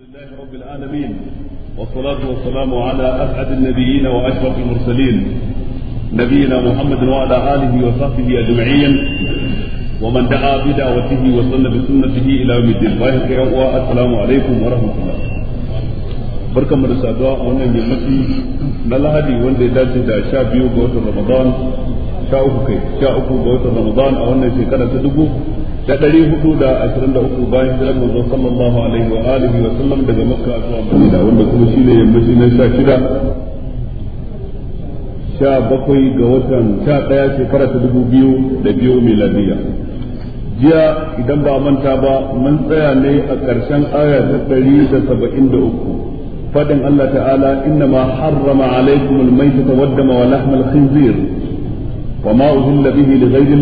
لله رب العالمين والصلاة والسلام على أسعد النبيين وأشرف المرسلين نبينا محمد وعلى آله وصحبه أجمعين ومن دعا بدعوته وسن بسنته إلى يوم الدين باهك السلام عليكم ورحمة الله barkan mu da saduwa a wannan yammaci na lahadi wanda ya dace da sha biyu ga watan ramadan sha uku kai sha uku ga watan ramadan a wannan shekara ta dubu da ɗari hudu da ashirin da uku bayan jiran manzo sallallahu alaihi wa alihi wa sallam daga makka zuwa madina wanda kuma shi ne yammaci na sha shida sha bakwai ga watan sha ɗaya shekara ta dubu biyu da biyu miladiya jiya idan ba manta ba mun tsaya ne a ƙarshen aya ta ɗari da saba'in da uku fadin Allah ta'ala inna ma harrama alaikum al-maitata wa dama wa lahmal khinzir wa ma uhilla bihi li ghayri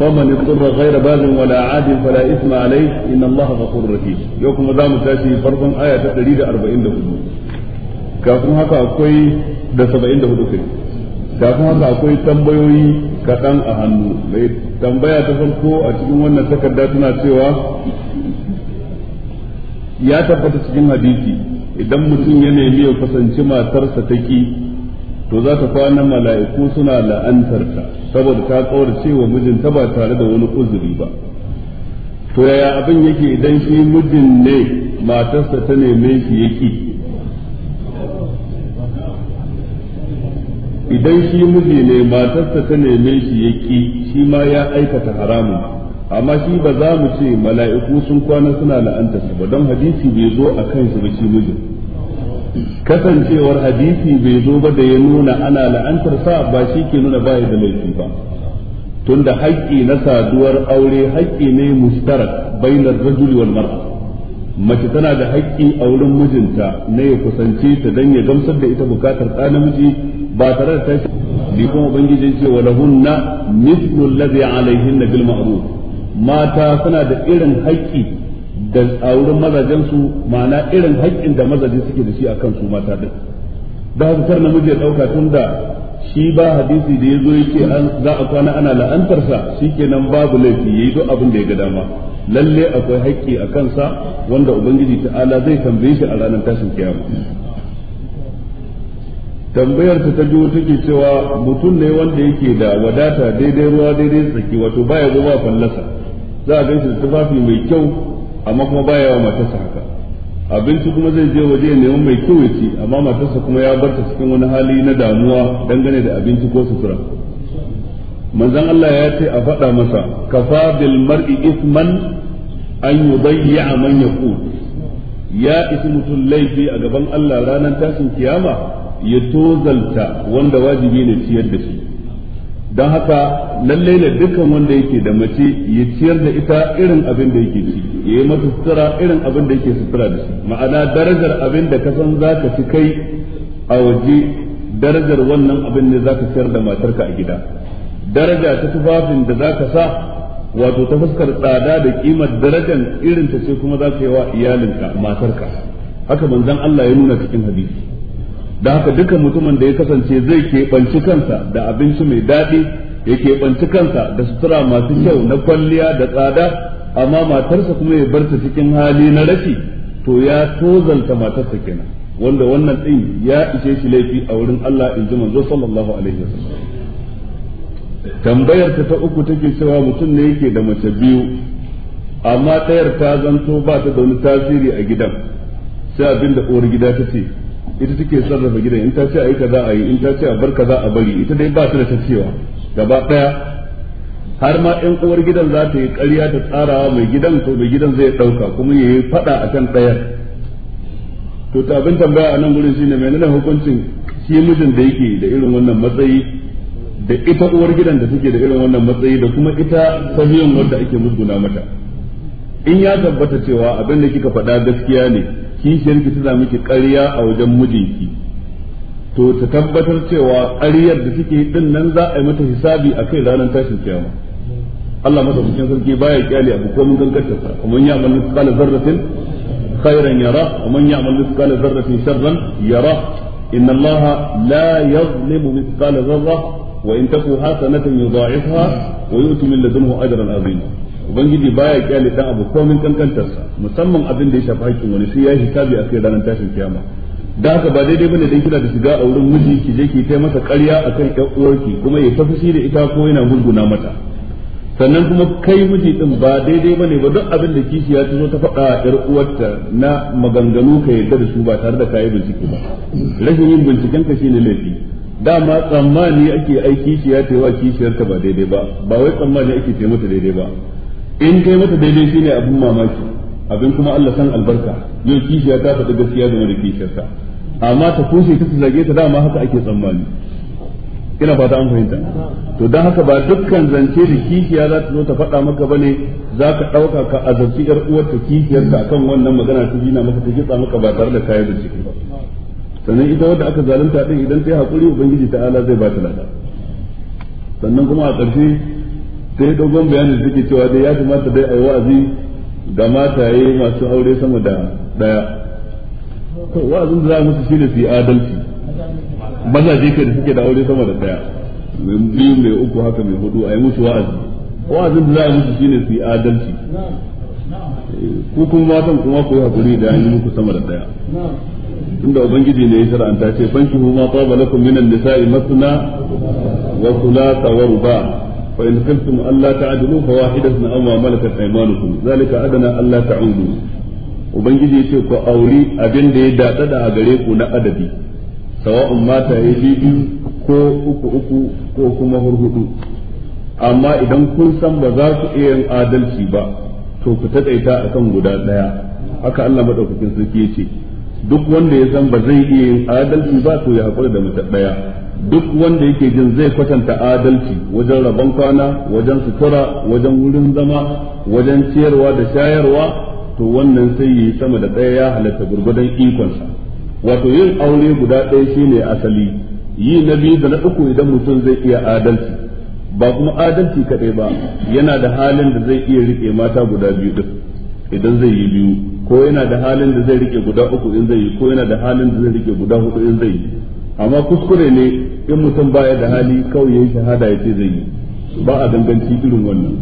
فمن اضطر غير باغ ولا عاد فلا اثم عليه ان الله غفور رحيم يوكم زام تاشي فرقم ايه 144 kafin haka akwai da 74 kai kafin haka akwai tambayoyi kaɗan a hannu mai tambaya ta farko a cikin wannan takarda tana cewa ya tabbata cikin hadisi idan mutum yana nemi ya kusanci matarsa ta ki to za ta kwana mala'iku suna la'antarta saboda ta kaurace wa mijinta ba tare da wani uzuri ba to yaya abin yake idan shi mijin ne matarsa ta neme shi yaki idan shi miji ne matarsa ta neme shi shi ma ya aikata haramun amma shi ba za mu ce mala'iku sun kwana suna la'antarsa ba don hadisi bai zo a kan shi ba shi mijin kasancewar hadisi bai zo ba da ya nuna ana la'antar sa ba shi ke nuna ba da laifi ba tunda haƙƙi na saduwar aure haƙƙi ne mustarak bainar rajul wal mar'a mace tana da haƙƙi a wurin mijinta na ya kusance ta dan ya gamsar da ita bukatar ɗa namiji ba tare da tashi bi kuma ubangiji ce wa lahunna mithlu alladhi alaihinna bil ma'ruf mata suna da irin haƙƙi da a wurin mazajen ma'ana irin haƙƙin da mazaje suke da shi a su mata ɗin da haka kar namiji ya ɗauka tun da shi ba hadisi da yazo ya an za a kwana ana la'antar sa nan babu laifi ya yi duk abin da ya ga dama lalle akwai haƙƙi a kansa wanda ubangiji ta'ala zai tambaye shi a ranar tashin kiyama tambayar ta biyu take cewa mutum ne wanda yake da wadata daidai ruwa daidai tsaki wato baya zuwa fallasa za a gan shi da tufafi mai kyau amma kuma baya wa matarsa haka abinci kuma zai je waje neman mai kyau ya ci amma matarsa kuma ya barta cikin wani hali na damuwa dangane da abinci ko sutura manzon Allah ya ce a faɗa masa kafa bil mar'i isman an yudayya man yaqut ya isi mutum laifi a gaban Allah ranar tashin kiyama ya tozalta wanda wajibi ne ciyar da shi don haka lalle ne dukkan wanda yake da mace ya ciyar da ita irin abin da yake ci ya yi mata sutura irin abin da yake sutura da shi ma'ana darajar abin da ka san za ka ci kai a waje darajar wannan abin ne za ka ciyar da matarka a gida daraja ta tufafin da za ka sa wato ta fuskar tsada da kimar darajar irin ta ce kuma za ka yi wa iyalinka matarka haka manzon Allah ya nuna cikin hadisi da haka dukkan mutumin da ya kasance zai keɓanci kansa da abinci mai daɗi ya keɓanci kansa da sutura masu kyau na kwalliya da tsada amma matarsa kuma ya bar ta cikin hali na rashi to ya tozalta matarsa kenan wanda wannan ɗin ya ishe shi laifi a wurin Allah in ji manzo sallallahu alaihi wasallam tambayar ta ta uku take cewa mutum ne yake da mace biyu amma ɗayar ta zanto ba ta da wani tasiri a gidan sai abinda uwar gida ta ce ita take sarrafa gidan in ta ce a yi kaza a yi in ta ce a bar kaza a bari ita dai ba ta da ta cewa gaba daya har ma ɗan uwar gidan za ta yi ƙarya ta tsarawa mai gidan to mai gidan zai ɗauka kuma ya yi faɗa a kan ɗaya. to ta abin tambaya a nan gurin shi ne menene hukuncin shi mijin da yake da irin wannan matsayi da ita uwar gidan da take da irin wannan matsayi da kuma ita sahiyan wanda ake musguna mata in ya tabbata cewa abin da kika faɗa gaskiya ne kishiyar ki tana miki ƙarya a wajen mijinki to ta tabbatar cewa ƙaryar da take din nan za a yi mata hisabi a kai ranar tashin kiyama Allah madaukakin sarki baya kyale abu ko mun gangantar sa kuma ya amal misqala zarratin khairan yara wa man ya'mal misqala zarratin sharran yara inna Allah la yadhlimu misqala zarra wa in taku hasanatan yudha'ifha wa yu'ti min ladunhu ajran 'azima ubangiji baya kyale dan abu komin kankantarsa musamman abin da ya shafi haƙƙin wani sai ya yi hisabi akai ranar tashin kiyama da haka ba daidai bane dan kina da shiga a wurin miji ki je ki tai masa ƙarya akan ƴan uwarki kuma ya tafi da ita ko yana gurguna mata sannan kuma kai miji din ba daidai bane ba duk abin da kishi ya tazo ta faɗa ƴar uwarta na maganganu ka yarda da su ba tare da kayi bincike ba rashin yin binciken ka shine laifi dama tsammani ake aiki shi ya taiwa kishiyarta ba daidai ba ba wai tsammani ake taimata daidai ba in kai mata daidai shine abin mamaki abin kuma Allah san albarka yau kishiya ta faɗi gaskiya game da kishiyarta amma ta kushe ta zage ta dama haka ake tsammani ina fata an fahimta to dan haka ba dukkan zance da kishiya za ta zo ta faɗa maka bane za ka ɗauka ka azabci ƴar uwarta kishiyarta akan wannan magana ta jina maka ta kitsa maka ba tare da kayan da ciki ba sannan ita wadda aka zalunta din idan ta yi haƙuri ubangiji ta'ala zai ba ta lada sannan kuma a ƙarshe sai dogon bayanin suke cewa dai ya kamata dai a yi wa'azi ga mataye masu aure sama da daya to wa'azin da za musu shine su yi adalci mazaje kai da suke da aure sama da daya mai biyu mai uku haka mai hudu a yi musu wa'azi wa'azin da za musu shine su yi adalci ku kuma matan kuma ku yi hakuri da an yi muku sama da daya tunda ubangiji ne ya shar'anta ce fanki huma taba lakum minan nisa'i masna wa thulatha wa ruba' فإن خفتم ألا تعدلوا فواحدة أو ما ملكت أيمانكم ذلك أدنى ألا تعودوا ubangiji yace ku auri abin da ya dada a gare ku na adadi sawa'un mata ya biyu ko uku uku ko kuma hurhudu amma idan kun san ba za iya yin adalci ba to ku taƙaita akan guda ɗaya haka Allah madaukakin sarki yace duk wanda ya san ba zai iya yin adalci ba to ya haƙura da mace ɗaya duk wanda yake jin zai kwatanta adalci wajen rabon kwana wajen sutura wajen wurin zama wajen ciyarwa da shayarwa to wannan sai yi sama da ɗaya ya halatta gurgudan ikonsa wato yin aure guda ɗaya shine asali yi na biyu da na uku idan mutum zai iya adalci ba kuma adalci kaɗai ba yana da halin da zai iya riƙe mata guda biyu ɗin idan zai yi biyu ko yana da halin da zai riƙe guda uku in zai yi ko yana da halin da zai riƙe guda hudu in zai yi amma kuskure ne in mutum baya da hali kawai yayin shahada yace zai yi ba a danganci irin wannan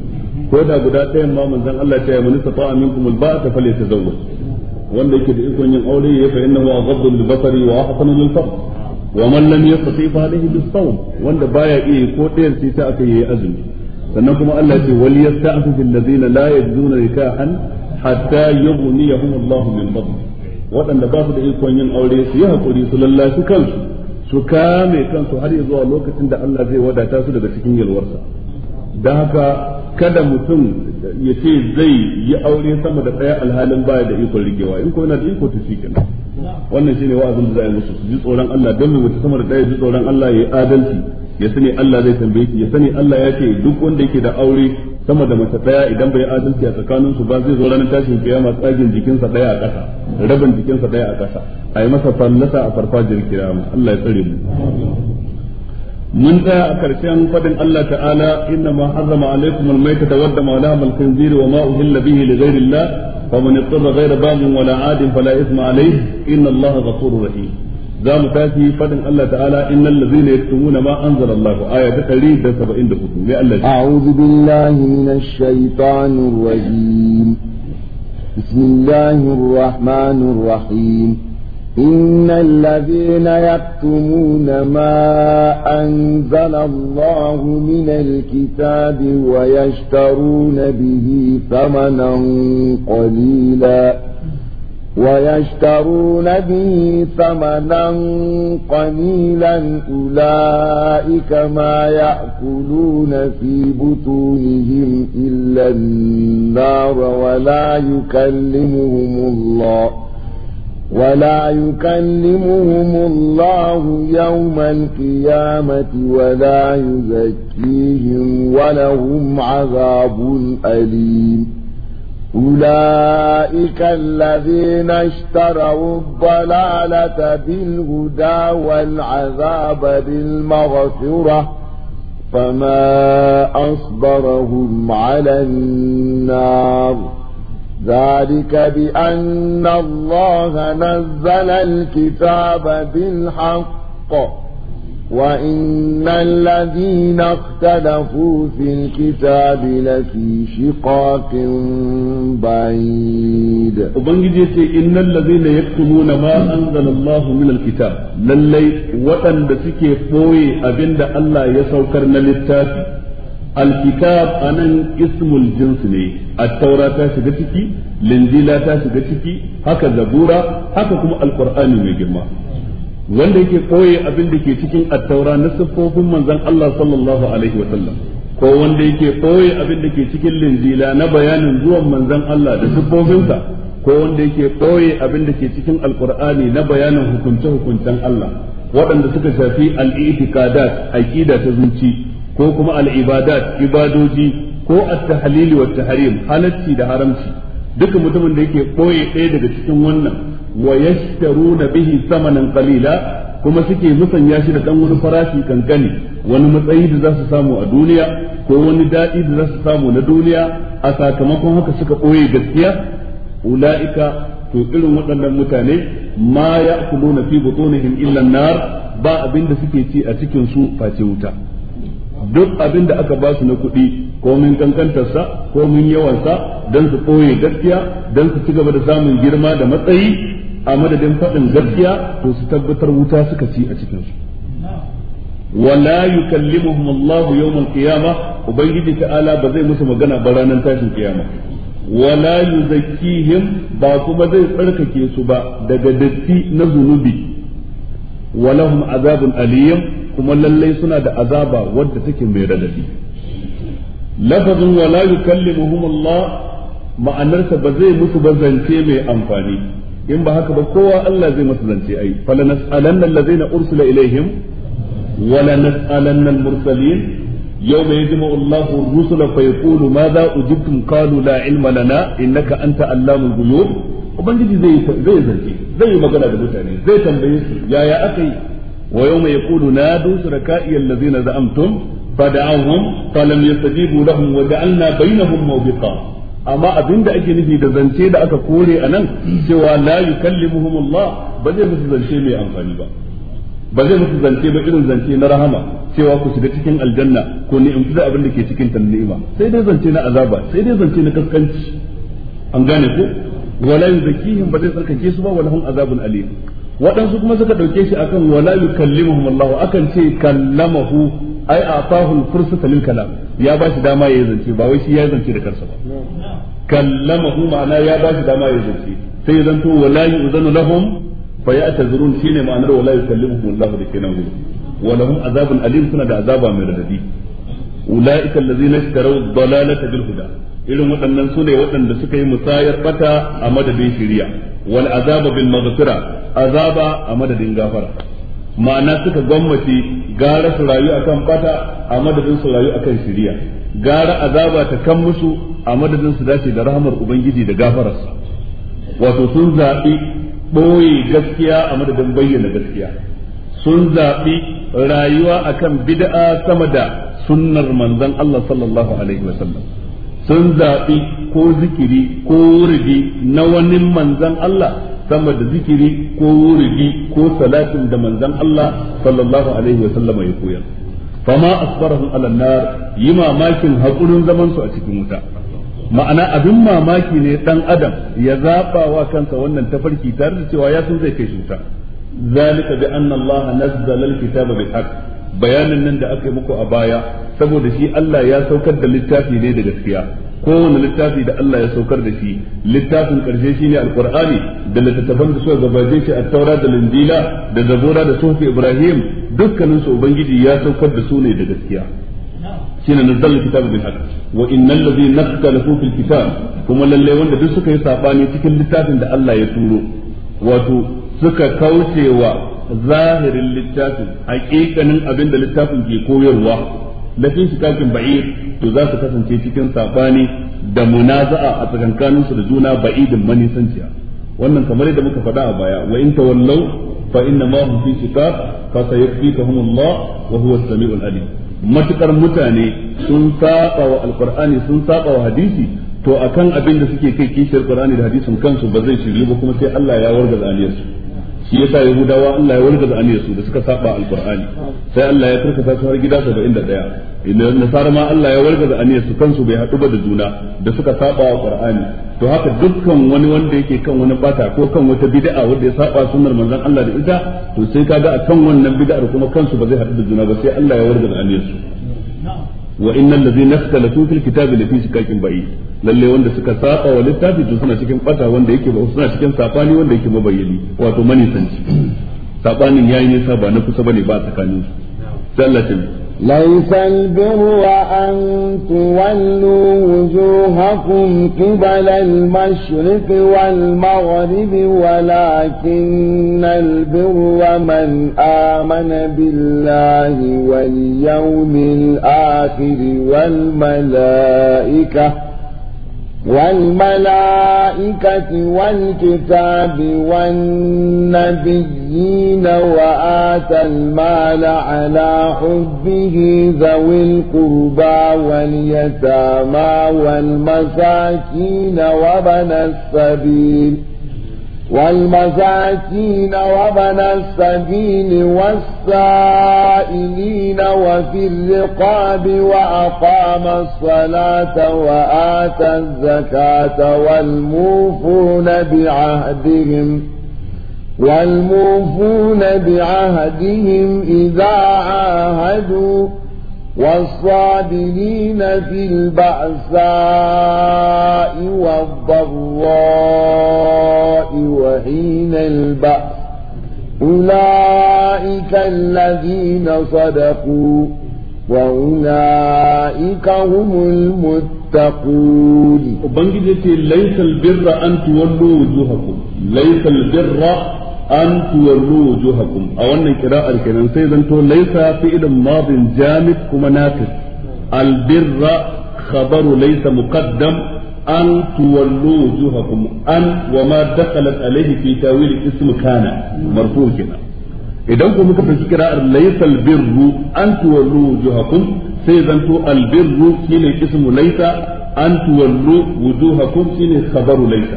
ko da guda ɗayan ma manzon Allah ta yi mani safa fale ta falyatazawwaj wanda yake da ikon yin aure ya fa innahu aghaddu lil-basari wa ahsanu lil-farj wa man lam yastati fa alayhi bis-sawm wanda baya iya ko ɗayan sai ta aka yi azumi sannan kuma Allah ce wal yasta'fu fil ladina la yajiduna nikahan hatta yughniyahum Allahu min fadli waɗanda ba su da ikon yin aure su yi haƙuri su lallashi kansu su kame kansu har zuwa lokacin da Allah zai wadata su daga cikin yalwarsa don haka kada mutum ya ce zai yi aure sama da ɗaya alhalin baya da ikon rigewa in ko yana da iko to shi wannan shine wa'azin da za a yi musu su ji tsoron Allah don mu mutu sama da ɗaya ji tsoron Allah ya yi adalci ya sani Allah zai tambaye ki ya sani Allah ya ce duk wanda yake da aure sama da mace daya idan bai adalci a tsakanin su ba zai zo ranar tashin kiyama tsagin jikinsa daya a ƙasa rabin jikinsa daya a ƙasa a yi masa fallasa a farfajiyar kiyama Allah ya tsare mu mun tsaya a karshen fadin Allah ta'ala inna ma harrama alaikum almayta da wa lahmal khinzir wa ma uhilla bihi li ghayri Allah faman ittara ghayra baghin wala adin fala ithma alayhi inna Allah ghafurur rahim za mu tashi fadin Allah ta'ala innal ladhina yaktumuna ma anzala Allah aya ta 174 mai Allah a'udhu billahi minash shaitanir rajim bismillahir rahmanir rahim إن الذين يكتمون ما أنزل الله من الكتاب ويشترون به ثمنا قليلاً ويشترون به ثمنا قليلا أولئك ما يأكلون في بطونهم إلا النار ولا يكلمهم الله ولا يكلمهم الله يوم القيامة ولا يزكيهم ولهم عذاب أليم أولئك الذين اشتروا الضلالة بالهدى والعذاب بالمغفرة فما أصبرهم على النار ذلك بأن الله نزل الكتاب بالحق وإن الذين اختلفوا في الكتاب لفي شقاق بعيد وبنجي إن الذين يكتمون ما أنزل الله من الكتاب للي وطن دسكي فوي أبند الله يسوكرنا للتاف الكتاب أنا اسم الجنس لي التوراة تشدتكي الإنجيل تشدتكي هكذا زبورة هكذا القرآن من جمع wanda yake koye abin da ke cikin attaura na siffofin manzon Allah sallallahu alaihi wa sallam ko wanda yake koye abin da ke cikin linzila na bayanin zuwan manzon Allah da siffofinsa ko wanda yake koye abin da ke cikin alqur'ani na bayanin hukunce hukuncen Allah waɗanda suka shafi al-i'tiqadat aqida ta zuci ko kuma al-ibadat ibadoji ko at-tahlil wa at-tahrim halacci da haramci duka mutumin da yake koye ɗaya daga cikin wannan wa yashtaruna bihi thamanan qalila kuma suke musanya shi da dan wani farashi kankani wani matsayi da za su samu a duniya ko wani daɗi da za su samu na duniya a sakamakon haka suka ɓoye gaskiya ula'ika to irin waɗannan mutane ma ya kulo na fi butunihim illa nar ba abin da suke ci a cikin su face wuta duk abin da aka ba su na kuɗi ko min kankantarsa ko min yawansa don su ɓoye gaskiya don su ci gaba da samun girma da matsayi a madadin faɗin gaskiya to su tabbatar wuta suka ci a cikin su wala yukallimuhum Allah yawm al-qiyamah ubangiji ta'ala ba zai musu magana ba ranar tashin kiyama wala yuzakkihim ba kuma zai tsarkake su ba daga datti na zunubi walahum azabun aliyam kuma lallai suna da azaba wadda take mai radadi lafazin wala yukallimuhum Allah ma'anarsa ba zai musu ba zance mai amfani in ba haka ba kowa Allah zai masu zance ai falanas'alanna allazina ursila ilaihim wa lanas'alanna al-mursalin yawma Allahu rusula fa yaqulu ujibtum qalu la ilma lana innaka anta allamul ghuyub ubangiji zai zai zance zai magana da mutane zai tambaye su yaya akai wa yawma yaqulu nadu shuraka'i allazina za'amtum fada'ahum falam yastajibu lahum wa ja'alna bainahum mawbiqa amma abinda ake nufi da zance da aka kore a nan cewa la yukallimuhum Allah ba zai musu zance mai amfani ba ba zai musu zance ba irin zance na rahama cewa ku shiga cikin aljanna ko ni in da abin da ke cikin ta ni'ima sai dai zance na azaba sai dai zance na kaskanci an gane ko wala yuzakihim ba zai tsarkake su ba wala hum azabun alim waɗansu kuma suka ɗauke shi akan wala yukallimuhum Allah akan ce kallamahu ai atahu fursata lil kalam ya ba shi dama ya yi zance ba wai shi ya yi zance da kansa ba kallamahu ma'ana ya ba shi dama ya zance sai zan to wala yu'zanu lahum fa ya'tazurun shine ma'anar wala yukallimuhum Allah da kenan gudu wa lahum azabun alim suna da azaba mai radadi ulaika allazina ishtaraw dalalata bil huda irin waɗannan su ne waɗanda suka yi musayar bata a madadin shiriya wal azaba bil maghfira azaba a madadin gafar ma'ana suka gwammace gara su rayu a kan bata a madadin su rayu kan shiriya gara azaba ta kan musu a madadin su dace da rahamar ubangiji da gafararsa wato sun zaɓi ɓoye gaskiya a madadin bayyana gaskiya sun zaɓi rayuwa akan bid'a sama da sunnar manzon Allah sallallahu alaihi wasallam sun zaɓi ko zikiri ko wurdi na wani manzon Allah sama da zikiri ko wuridi ko salatin da manzon Allah sallallahu alaihi wa sallama ya koyar fama asbarahum ala nar yi mamakin hakurin zaman su a cikin wuta ma'ana abin mamaki ne dan adam ya zaba wa kansa wannan tafarki tare da cewa ya san zai kai shuta zalika bi anna Allah nazzala al-kitaba bayanin nan da aka yi muku a baya saboda shi Allah ya saukar da littafi ne da gaskiya kowane littafi da Allah ya saukar da shi littafin karshe shine alqur'ani da littattafan da suka gabace shi at-taura da linjila da zabura da sufi ibrahim dukkanin su ubangiji ya saukar da su ne da gaskiya shine nazzalna kitaba bil haqq wa innal ladhina ikhtalafu fil kitab kuma lalle wanda duk suka yi sabani cikin littafin da Allah ya turo wato suka kaucewa zahirin littafin hakikanin abin da littafin ke koyarwa la fi shikakin ba'id to za su kasance cikin sabani da munaza'a a tsakankanin su da juna ba'idin manisanciya wannan kamar yadda muka faɗa a baya wa in tawallaw fa inna ma hum fi shikak fa sayakfikahum Allah wa huwa as-sami'ul alim matukar mutane sun saba wa alqur'ani sun saba wa hadisi to akan abin da suke kai kishiyar qur'ani da hadisin kansu ba zai shiryu ba kuma sai Allah ya warga aliyarsu shi yasa yahudawa Allah ya warga da aniyarsu da suka saba alqur'ani sai Allah ya karkasa su har gida 71 idan nasara ma Allah ya warga da aniyarsu kansu bai haɗu ba da juna da suka saba wa qur'ani to haka dukkan wani wanda yake kan wani bata ko kan wata bid'a wanda ya saba sunnar manzon Allah da ita to sai kaga a kan wannan bid'ar kuma kansu ba zai haɗu da juna ba sai Allah ya warga da aniyarsu wa innal ladzina ikhtalafu fil kitabi lafi shikakin ba'i lalle wanda suka saba wa littafi to suna cikin bata wanda yake ba suna cikin sabani wanda yake mabayyani wato manisanci sabanin yayi nisa ba na kusa bane ba tsakanin su sai ليس البر أن تولوا وجوهكم قبل المشرق والمغرب ولكن البر من آمن بالله واليوم الآخر والملائكة والملائكة والكتاب والنبيين وآتى المال على حبه ذوي القربى واليتامى والمساكين وبنى السبيل والمساكين وابن السبيل والسائلين وفي الرقاب وأقام الصلاة وآتى الزكاة والموفون بعهدهم والموفون بعهدهم إذا عاهدوا والصابرين في البأساء والضراء وحين البأس أولئك الذين صدقوا وأولئك هم المتقون وبنجد ليس البر أن تولوا وجوهكم ليس البر an tuwallu wujuhakum a wannan kira'ar kenan sai zanto laisa fi'ilun madin jamid kuma naqis albirra khabaru laisa muqaddam an tuwallu wujuhakum an wa ma dakhalat alayhi fi tawil ism kana marfu kenan idan ku muka fahimci kira'ar laisa albirru an tuwallu wujuhakum sai zanto albirru shine ismu laisa an tuwallu wujuhakum shine khabaru laisa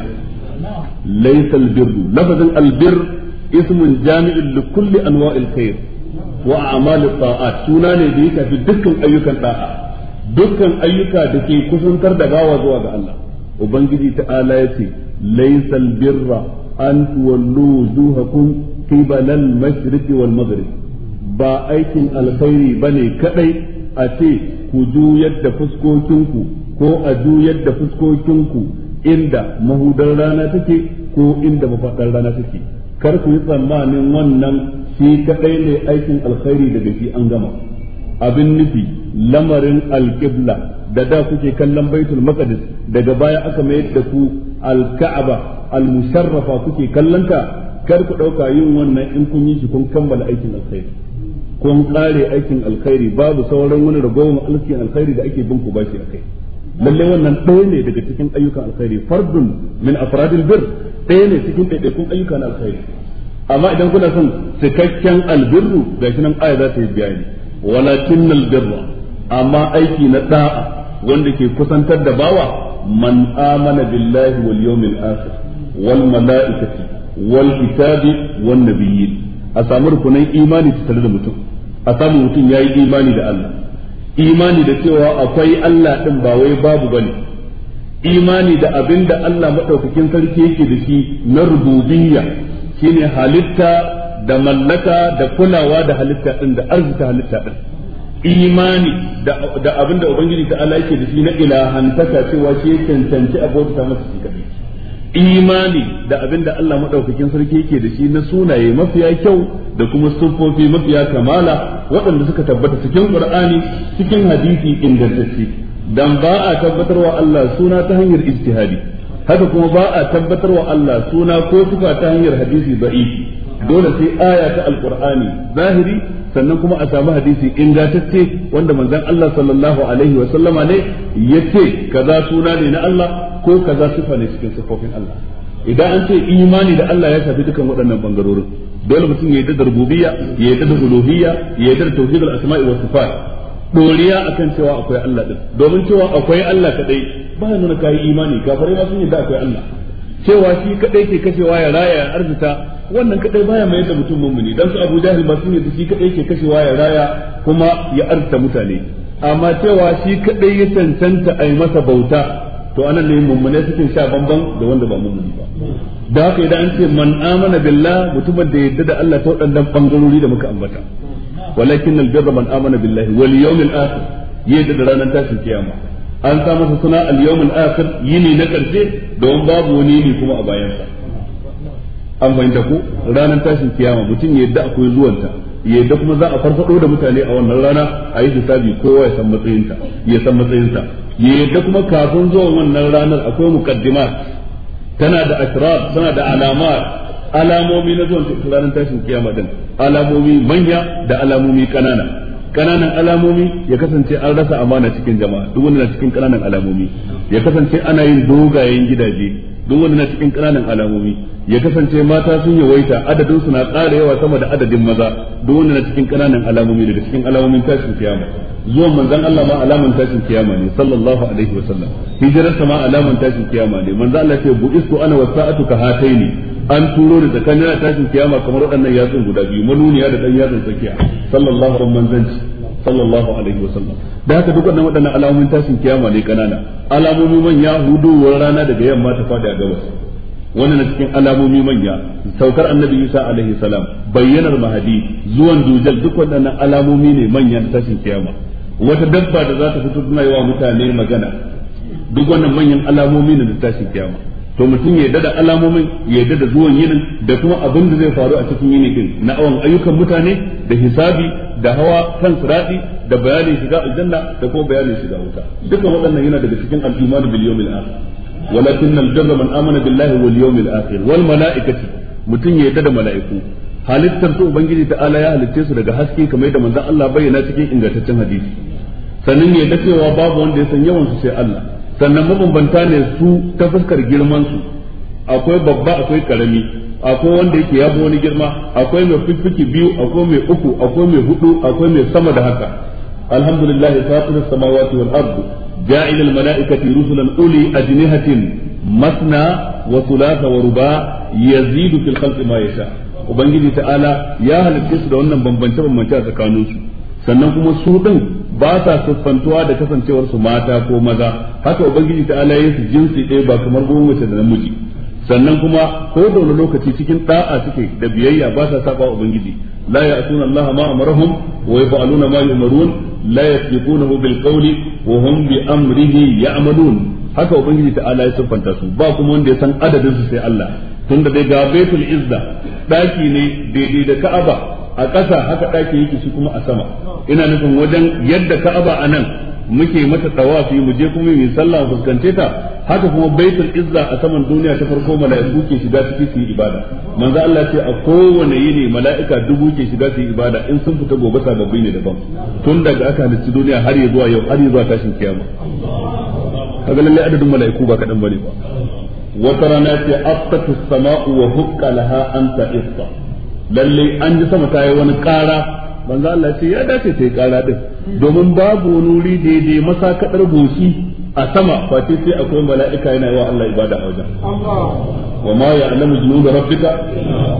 laisa albirru lafazin albirru ismun jami'in li kulli anwa'il khair wa a'malit suna ne da ya shafi dukkan ayyukan ɗa'a dukkan ayyuka da ke kusantar da gawa zuwa ga Allah ubangiji ta'ala yace laysal birra an tuwallu wujuhakum qibala al-mashriqi wal maghrib ba aikin alkhairi bane kadai a ce ku juyar da fuskokinku ko a juyar da fuskokinku inda mahudar rana take ko inda mafaɗar rana take kar ku yi tsammanin wannan shi kadai ne aikin alkhairi daga shi an gama abin nufi lamarin alqibla da da kuke kallon baitul maqdis daga baya aka mayar da ku alka'aba almusharrafa kuke kallanta kar ku dauka yin wannan in kun yi shi kun kammala aikin alkhairi kun kare aikin alkhairi babu sauran wani ragowar alkin alkhairi da ake bin ku bashi akai lalle wannan ɗaya ne daga cikin ayyukan alkhairi fardun min afradil bir ɗaya ne cikin ɗaiɗaikun ayyukan alkhairi amma idan kuna son cikakken albirru ga shi nan aya za ta yi bayani walakin albirra amma aiki na da'a wanda ke kusantar da bawa man amana billahi wal yawmil akhir wal malaikati wal kitabi wan nabiyyin a samu rukunin imani tare da mutum a samu mutum yayi imani da Allah imani da cewa akwai Allah ɗin ba wai babu bane imani da abin da Allah madaukakin sarki yake da shi na rububiyya shine halitta da mallaka da kulawa da halitta din da arzika halitta din imani da abin da ubangiji ta Allah yake da shi na ilahantaka cewa shi cancanci abota masu shi imani da abin da Allah madaukakin sarki yake da shi na sunaye mafiya kyau da kuma siffofi mafiya kamala waɗanda suka tabbata cikin Qur'ani cikin hadisi ingantacce dan ba a tabbatarwa Allah suna ta hanyar ijtihadi haka kuma ba a tabbatarwa Allah suna ko sifa ta hanyar hadisi ba'i. dole sai aya ta Alkur'ani zahiri sannan kuma a samu hadisi ingantacce wanda manzon Allah sallallahu alaihi wa sallama ne yace kaza suna ne na Allah ko kaza sifa ne cikin sifofin Allah idan an ce imani da Allah ya shafi dukan waɗannan bangarorin dole mutum ya yi da rububiyya ya yi da uluhiyya ya yi da tauhidul asma'i was sifat doriya akan cewa akwai Allah din domin cewa akwai Allah kadai ba ya nuna kai imani kafirai ma sun da akwai Allah cewa shi kadai ke kashewa ya raya ya arzuta wannan kadai baya mai da mutum mummuni dan su Abu Jahil ba sun yadda shi kadai yake kashewa ya raya kuma ya arta mutane amma cewa shi kadai ya cancanta yi masa bauta to anan ne mummune suke sha bamban da wanda ba mummuni ba da haka idan an ce man amana billah mutumin da yadda da Allah ta wadannan bangarori da muka ambata walakin albirra man amana billahi wal yawmil akhir yadda da ranar tashin kiyama an sa masa suna al yawmil akhir yini na karshe don babu wani ne kuma a bayansa an fahimta ko ranar tashin kiyama mutum ya yadda akwai zuwanta ya yadda kuma za a farfado da mutane a wannan rana a yi hisabi kowa ya san matsayinta ya san matsayinsa ya yadda kuma kafin zuwan wannan ranar akwai mukaddima tana da asrar tana da alama alamomi na zuwan ranar tashin kiyama din alamomi manya da alamomi kanana kananan alamomi ya kasance an rasa amana cikin jama'a duk wanda na cikin kananan alamomi ya kasance ana yin dogayen gidaje duk wanda na cikin kananan alamomi ya kasance mata sun yawaita adadin su na ƙara yawa sama da adadin maza duk wanda na cikin kananan alamomi daga cikin alamomin tashin kiyama zuwan manzon Allah ma alaman tashin kiyama ne sallallahu alaihi wa sallam hijirar ma alaman tashin kiyama ne manzon Allah ce bu'istu ana wasa'atu ka hataini an turo da tsakanin na tashin kiyama kamar waɗannan yatsun guda biyu manuniya da ɗan yatsun tsakiya sallallahu alaihi manzanci sallallahu alaihi wasallam da haka duk wannan waɗannan alamomin tashin kiyama ne kanana alamomin manya huduwar rana daga yamma ta faɗi a gabas wannan na cikin alamomi manya saukar annabi Isa alaihi salam bayyanar mahadi zuwan dujal duk waɗannan alamomi ne manya na tashin kiyama wata dabba da za ta fito tana yi wa mutane magana duk wannan manyan alamomi ne na tashin kiyama to mutum ya yarda da alamomin ya yarda da zuwan yinin da kuma abin da zai faru a cikin yini din na awon ayyukan mutane da hisabi da hawa kan sirati da bayanin shiga aljanna da kuma bayanin shiga wuta dukkan waɗannan yana daga cikin al-iman bil yawmil akhir walakin al-jarra man amana billahi wal yawmil akhir wal malaikati mutum ya yarda da mala'iku halittar su ubangiji ala ya halitte su daga haske kamar yadda manzon Allah bayyana cikin ingantaccen hadisi sannan ya yarda cewa babu wanda ya san yawan su sai Allah sannan mabambanta ne su ta fuskar girman su akwai babba akwai karami akwai wanda yake yabo wani girma akwai mai fiffiki biyu akwai mai uku akwai mai hudu akwai mai sama da haka alhamdulillah fatir samawati wal ard ja'il al malaikati rusulan uli ajnihatin masna wa thulatha wa ruba yazidu fil khalqi ma yasha ubangiji ta'ala ya halarci su da wannan bambance bambance a tsakaninsu sannan kuma su din ba sa siffantuwa da kasancewar su mata ko maza haka ubangiji ta ala su jinsi ɗaya ba kamar goma mace da namiji sannan kuma ko da wani lokaci cikin da'a suke da biyayya ba sa saba ubangiji la ya'tuna allaha ma amarahum wa yaf'aluna ma yu'marun la yasbiqunahu bil qawli wa hum bi amrihi ya'malun haka ubangiji ta ala siffanta su ba kuma wanda ya san adadin su sai Allah tunda dai ga baitul izza daki ne daidai da ka'aba a ƙasa haka ɗaki yake shi kuma a sama ina nufin wajen yadda ka'aba a nan muke mata tawafi mu je kuma mu sallah fuskance ta haka kuma baitul izza a saman duniya ta farko mala'iku ke shiga ciki su yi ibada manzo Allah ce a kowane yini mala'ika dubu ke shiga su yi ibada in sun fita gobe sababbi ne daban tun daga aka halicci duniya har zuwa yau har zuwa tashin kiyama kaga lalle adadin mala'iku ba kadan bane ba wata rana ce aftatus sama'u wa hukka laha anta ifta lalle an ji sama ta yi wani ƙara manzo Allah ce ya dace ta yi ƙara ɗin domin babu wani wuri masa kaɗar goshi a sama face sai akwai mala'ika yana wa Allah ibada a wajen wa ma ya'lamu da rabbika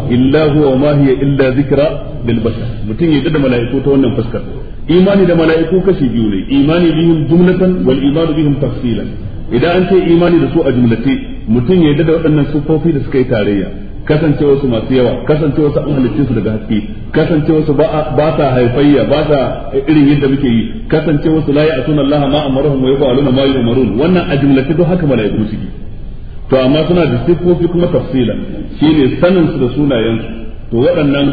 illa huwa ma hiya illa zikra bil bashar mutum ya da mala'iku ta wannan fuskar imani da mala'iku kashi biyu ne imani bihim jumlatan wal imanu bihim tafsilan idan an ce imani da su a jumlatai mutum ya da waɗannan sufofi da suka yi tarayya Kasance wasu masu yawa kasance wasu an halicce su daga haske kasance wasu ba sa haifayya ba sa irin yadda muke yi kasancewa su la ya'tuna Allah ma amaruhum wa yaf'aluna ma yu'marun wannan a jumlace duk haka mala'iku suke to amma suna da sifofi kuma tafsila shine sanin su da sunayensu to waɗannan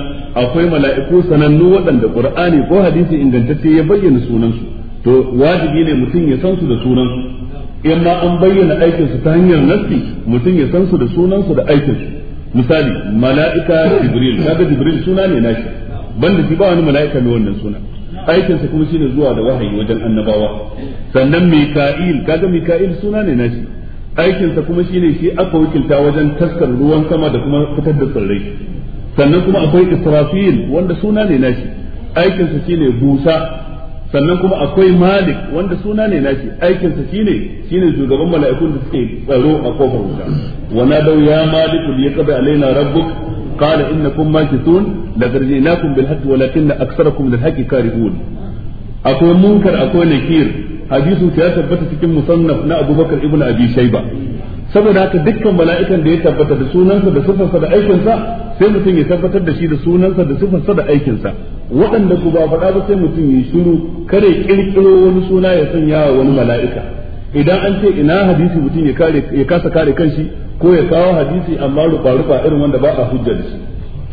akwai mala'iku sanannu waɗanda qur'ani ko hadisi ingantacce ya bayyana sunansu to wajibi ne mutum ya san su da sunansu in ma an bayyana aikinsu ta hanyar nassi mutum ya san su da sunansu da aikinsu. misali mala'ika jibril kaga jibril suna ne nashi banda shi ba wani mala'ika mai wannan suna aikinsa kuma shine zuwa da wahayi wajen annabawa sannan mika'il kaga mika'il suna ne nashi aikinsa kuma shine shi aka wakilta wajen taskar ruwan sama da kuma fitar da tsirrai sannan kuma akwai israfil wanda suna ne nashi aikinsa shine busa sannan kuma akwai malik wanda suna ne nashi aikin sa shine shine shugaban mala'ikun da suke tsaro a kofar wuta wa nadaw ya malik li yaqdi alaina rabbuk qala innakum makithun laqad ji'nakum bil haqqi walakinna aktharakum lil haqqi karihun akwai munkar akwai nakir hadisin ya tabbata cikin musannaf na abubakar ibn abi shayba saboda haka dukkan mala'ikan da ya tabbata da sunansa da sifarsa da aikinsa sai mutum ya tabbatar da shi da sunansa da sifarsa da aikinsa waɗanda ku ba faɗa ba sai mutum yi shiru kare ƙirƙiro wani suna ya sanya wa wani mala'ika idan an ce ina hadisi mutum ya kare ya kasa kare kanshi ko ya kawo hadisi amma rufa rufa irin wanda ba a hujja da shi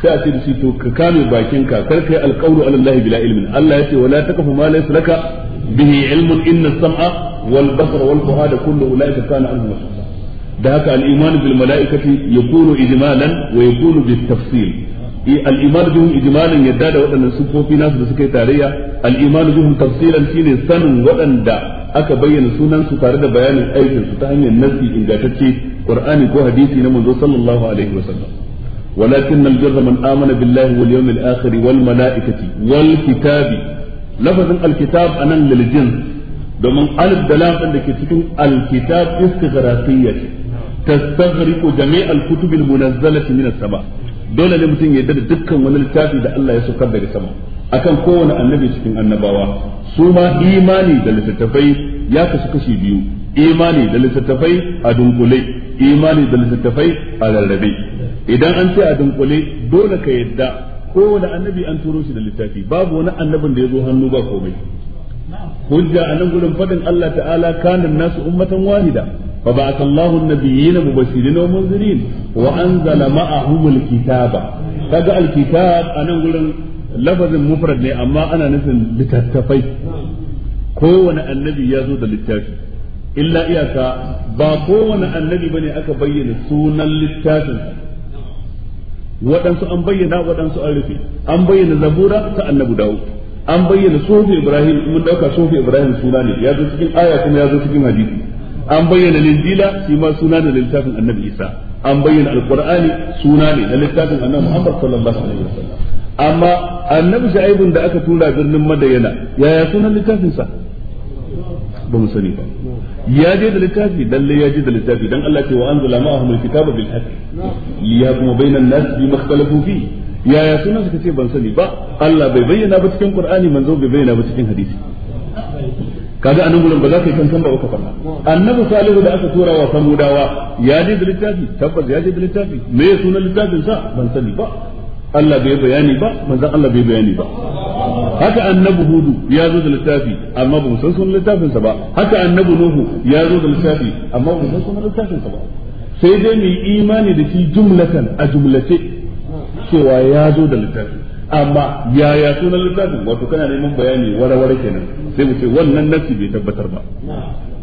sai a ce da shi to ka kame bakinka kar kai yi ala alallahi bila ilmin Allah ya ce wala takafu ma laysa laka bihi ilmun inna sam'a wal basara wal fuhada kullu ulaika kana anhu mas'ula da haka al-iman bil mala'ikati yakunu ijmalan wa yakunu bit tafsil al-iman ijimalin ijmalan yadda da waɗannan sufofi nasu da suka yi tarayya al-iman bihum tafsilan shine sanin waɗanda aka bayyana sunan su tare da bayanin aikin su ta hanyar nasi ingantacce qur'ani ko hadisi na manzo sallallahu alaihi wasallam ولكن البر من آمن بالله واليوم wal kitabi والكتاب alkitab الكتاب أنا للجنس domin alif da lam da ke cikin alkitab istighrafiyya ce ko jami' al-kutub al-munazzalati min as-sama' dole ne mutum ya yarda da dukkan wani littafi da Allah ya saukar daga sama akan kowane annabi cikin annabawa su ma imani da littattafai ya kasu kashi biyu imani da littattafai a dunkule imani da littattafai a rarrabe idan an ce a dunkule dole ka yadda kowane annabi an turo shi da littafi babu wani annabin da ya zo hannu ba komai hujja a nan gudun faɗin Allah ta'ala kanin nasu ummatan wahida فبعث الله النبيين مبشرين ومنذرين وأنزل معهم الكتاب فجاء الكتاب أنا أقول لفظ مفرد أما أنا نسل لتتفي كون النبي يزود للتافي إلا إياك باقون النبي بني أكا بين سونا للتافي waɗansu an bayyana waɗansu an rufe an bayyana zabura ta annabi dawud an bayyana sofi ibrahim mun dauka sofi ibrahim suna ne ya zo cikin aya kuma ya zo cikin hadisi an bayyana linjila shi ma suna da littafin annabi isa an bayyana alqur'ani suna ne na littafin annabi muhammad sallallahu alaihi wasallam amma annabi sha'ibun da aka tura birnin madayana yaya sunan littafin sa ba mu sani ba ya je da littafi lalle ya je da littafi dan Allah ce wa anzala ma'ahum alkitaba bil haqq liyahkum bainan nas bima ikhtalafu fi yaya sunan suka ce ban sani ba Allah bai bayyana ba cikin qur'ani manzo bai bayyana ba cikin hadisi kaga anan gurin ba za ka yi kankan ba ka faɗa annabi salihu da aka tura wa samudawa ya je da littafi tabbas ya je da littafi me ya sunan littafin sa ban sani ba Allah bai bayani ba manzon Allah bai bayani ba haka annabi hudu ya zo da littafi amma ba mu san sunan littafin sa ba haka annabi nuhu ya zo da littafi amma ba mu san sunan littafin sa ba sai dai mu imani da shi jumlatan a jumlace cewa ya zo da littafi amma yaya sunan littafin wato kana neman bayani wara-wara kenan sai mu ce wannan nasi bai tabbatar ba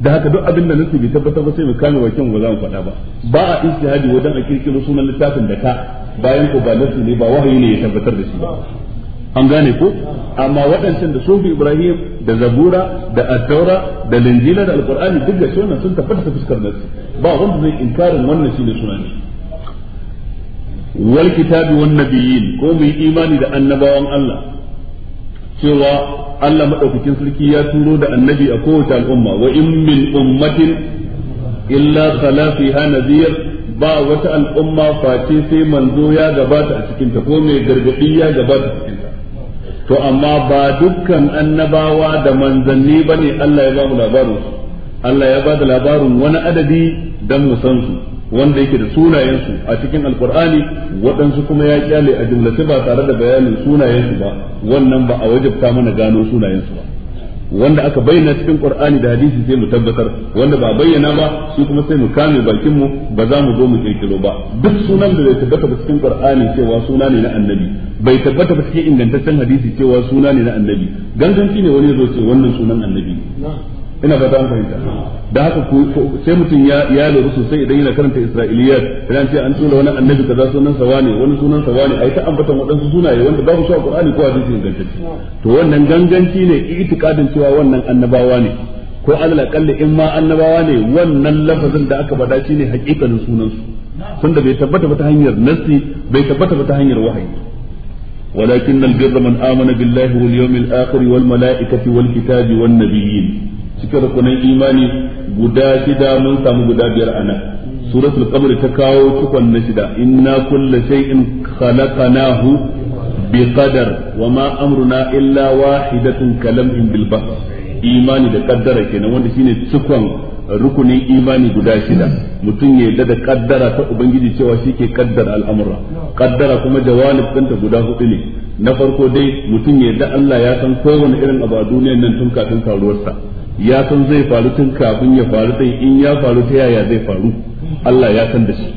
da haka duk abin da nasi bai tabbatar ba sai mu kame wakin ba za mu faɗa ba ba a istihadi wajen a kirkiro sunan littafin da ka bayan ko ba nasi ne ba wahayi ne ya tabbatar da shi ba an gane ko amma waɗancan da sufi ibrahim da zabura da attaura da linjila da alqur'ani duk da sunan sun tabbata ta fuskar nasi ba wanda zai inkarin wannan shine sunan wal kitabi wan nabiyyin ko muyi imani da annabawan Allah cewa Allah maɗaukacin sarki ya turo da annabi a kowace al'umma wa in min ummatin illa khala fiha nadhir ba wata al'umma face sai manzo ya gabata a cikin ta ko mai gargadi ya gabata to amma ba dukkan annabawa da manzanni bane Allah ya ba mu labarin Allah ya ba da labarin wani adadi dan mu san su wanda yake da sunayensu a cikin alkur'ani waɗansu kuma ya kyale a jumlace ba tare da bayanin sunayensu ba wannan ba a wajabta mana gano sunayensu ba wanda aka bayyana cikin qur'ani da hadisi sai mu tabbatar wanda ba bayyana ba shi kuma sai mu kame bakin mu ba za mu zo mu kirkiro ba duk sunan da bai tabbata ba cikin qur'ani cewa suna ne na annabi bai tabbata ba cikin ingantaccen hadisi cewa suna ne na annabi ganganci ne wani zo ce wannan sunan annabi ina ba an fahimta da haka sai mutum ya ya lura sosai idan yana karanta isra'iliyat idan ce an tura wani annabi kaza sunan sa wani wani sunan sa wani ai ta ambatan wadansu sunaye wanda babu su a qur'ani ko hadisi ingantacce to wannan ganganci ne itikadin cewa wannan annabawa ne ko alal aqalli in ma annabawa ne wannan lafazin da aka faɗa shine hakikanin sunan su tunda bai tabbata ba ta hanyar nassi bai tabbata ba ta hanyar wahayi ولكن البر من آمن بالله واليوم الآخر والملائكة والكتاب والنبيين cikin rukunin imani guda shida mun samu guda biyar a nan suratul qamar ta kawo cikon na shida inna kulla shay'in khalaqnahu bi qadar wa ma amruna illa wahidatun kalamhin bil imani da kaddara kenan wanda shine cikon rukunin imani guda shida mutum ya yarda da kaddara ta ubangiji cewa shi ke kaddara al'amura kaddara kuma jawanib ɗinta guda hudu ne na farko dai mutum ya yarda Allah ya san kowane irin abu a duniyar nan tun kafin faruwarsa ya san zai faru tun kafin ya faru sai in ya faru ta yaya zai faru Allah ya san da shi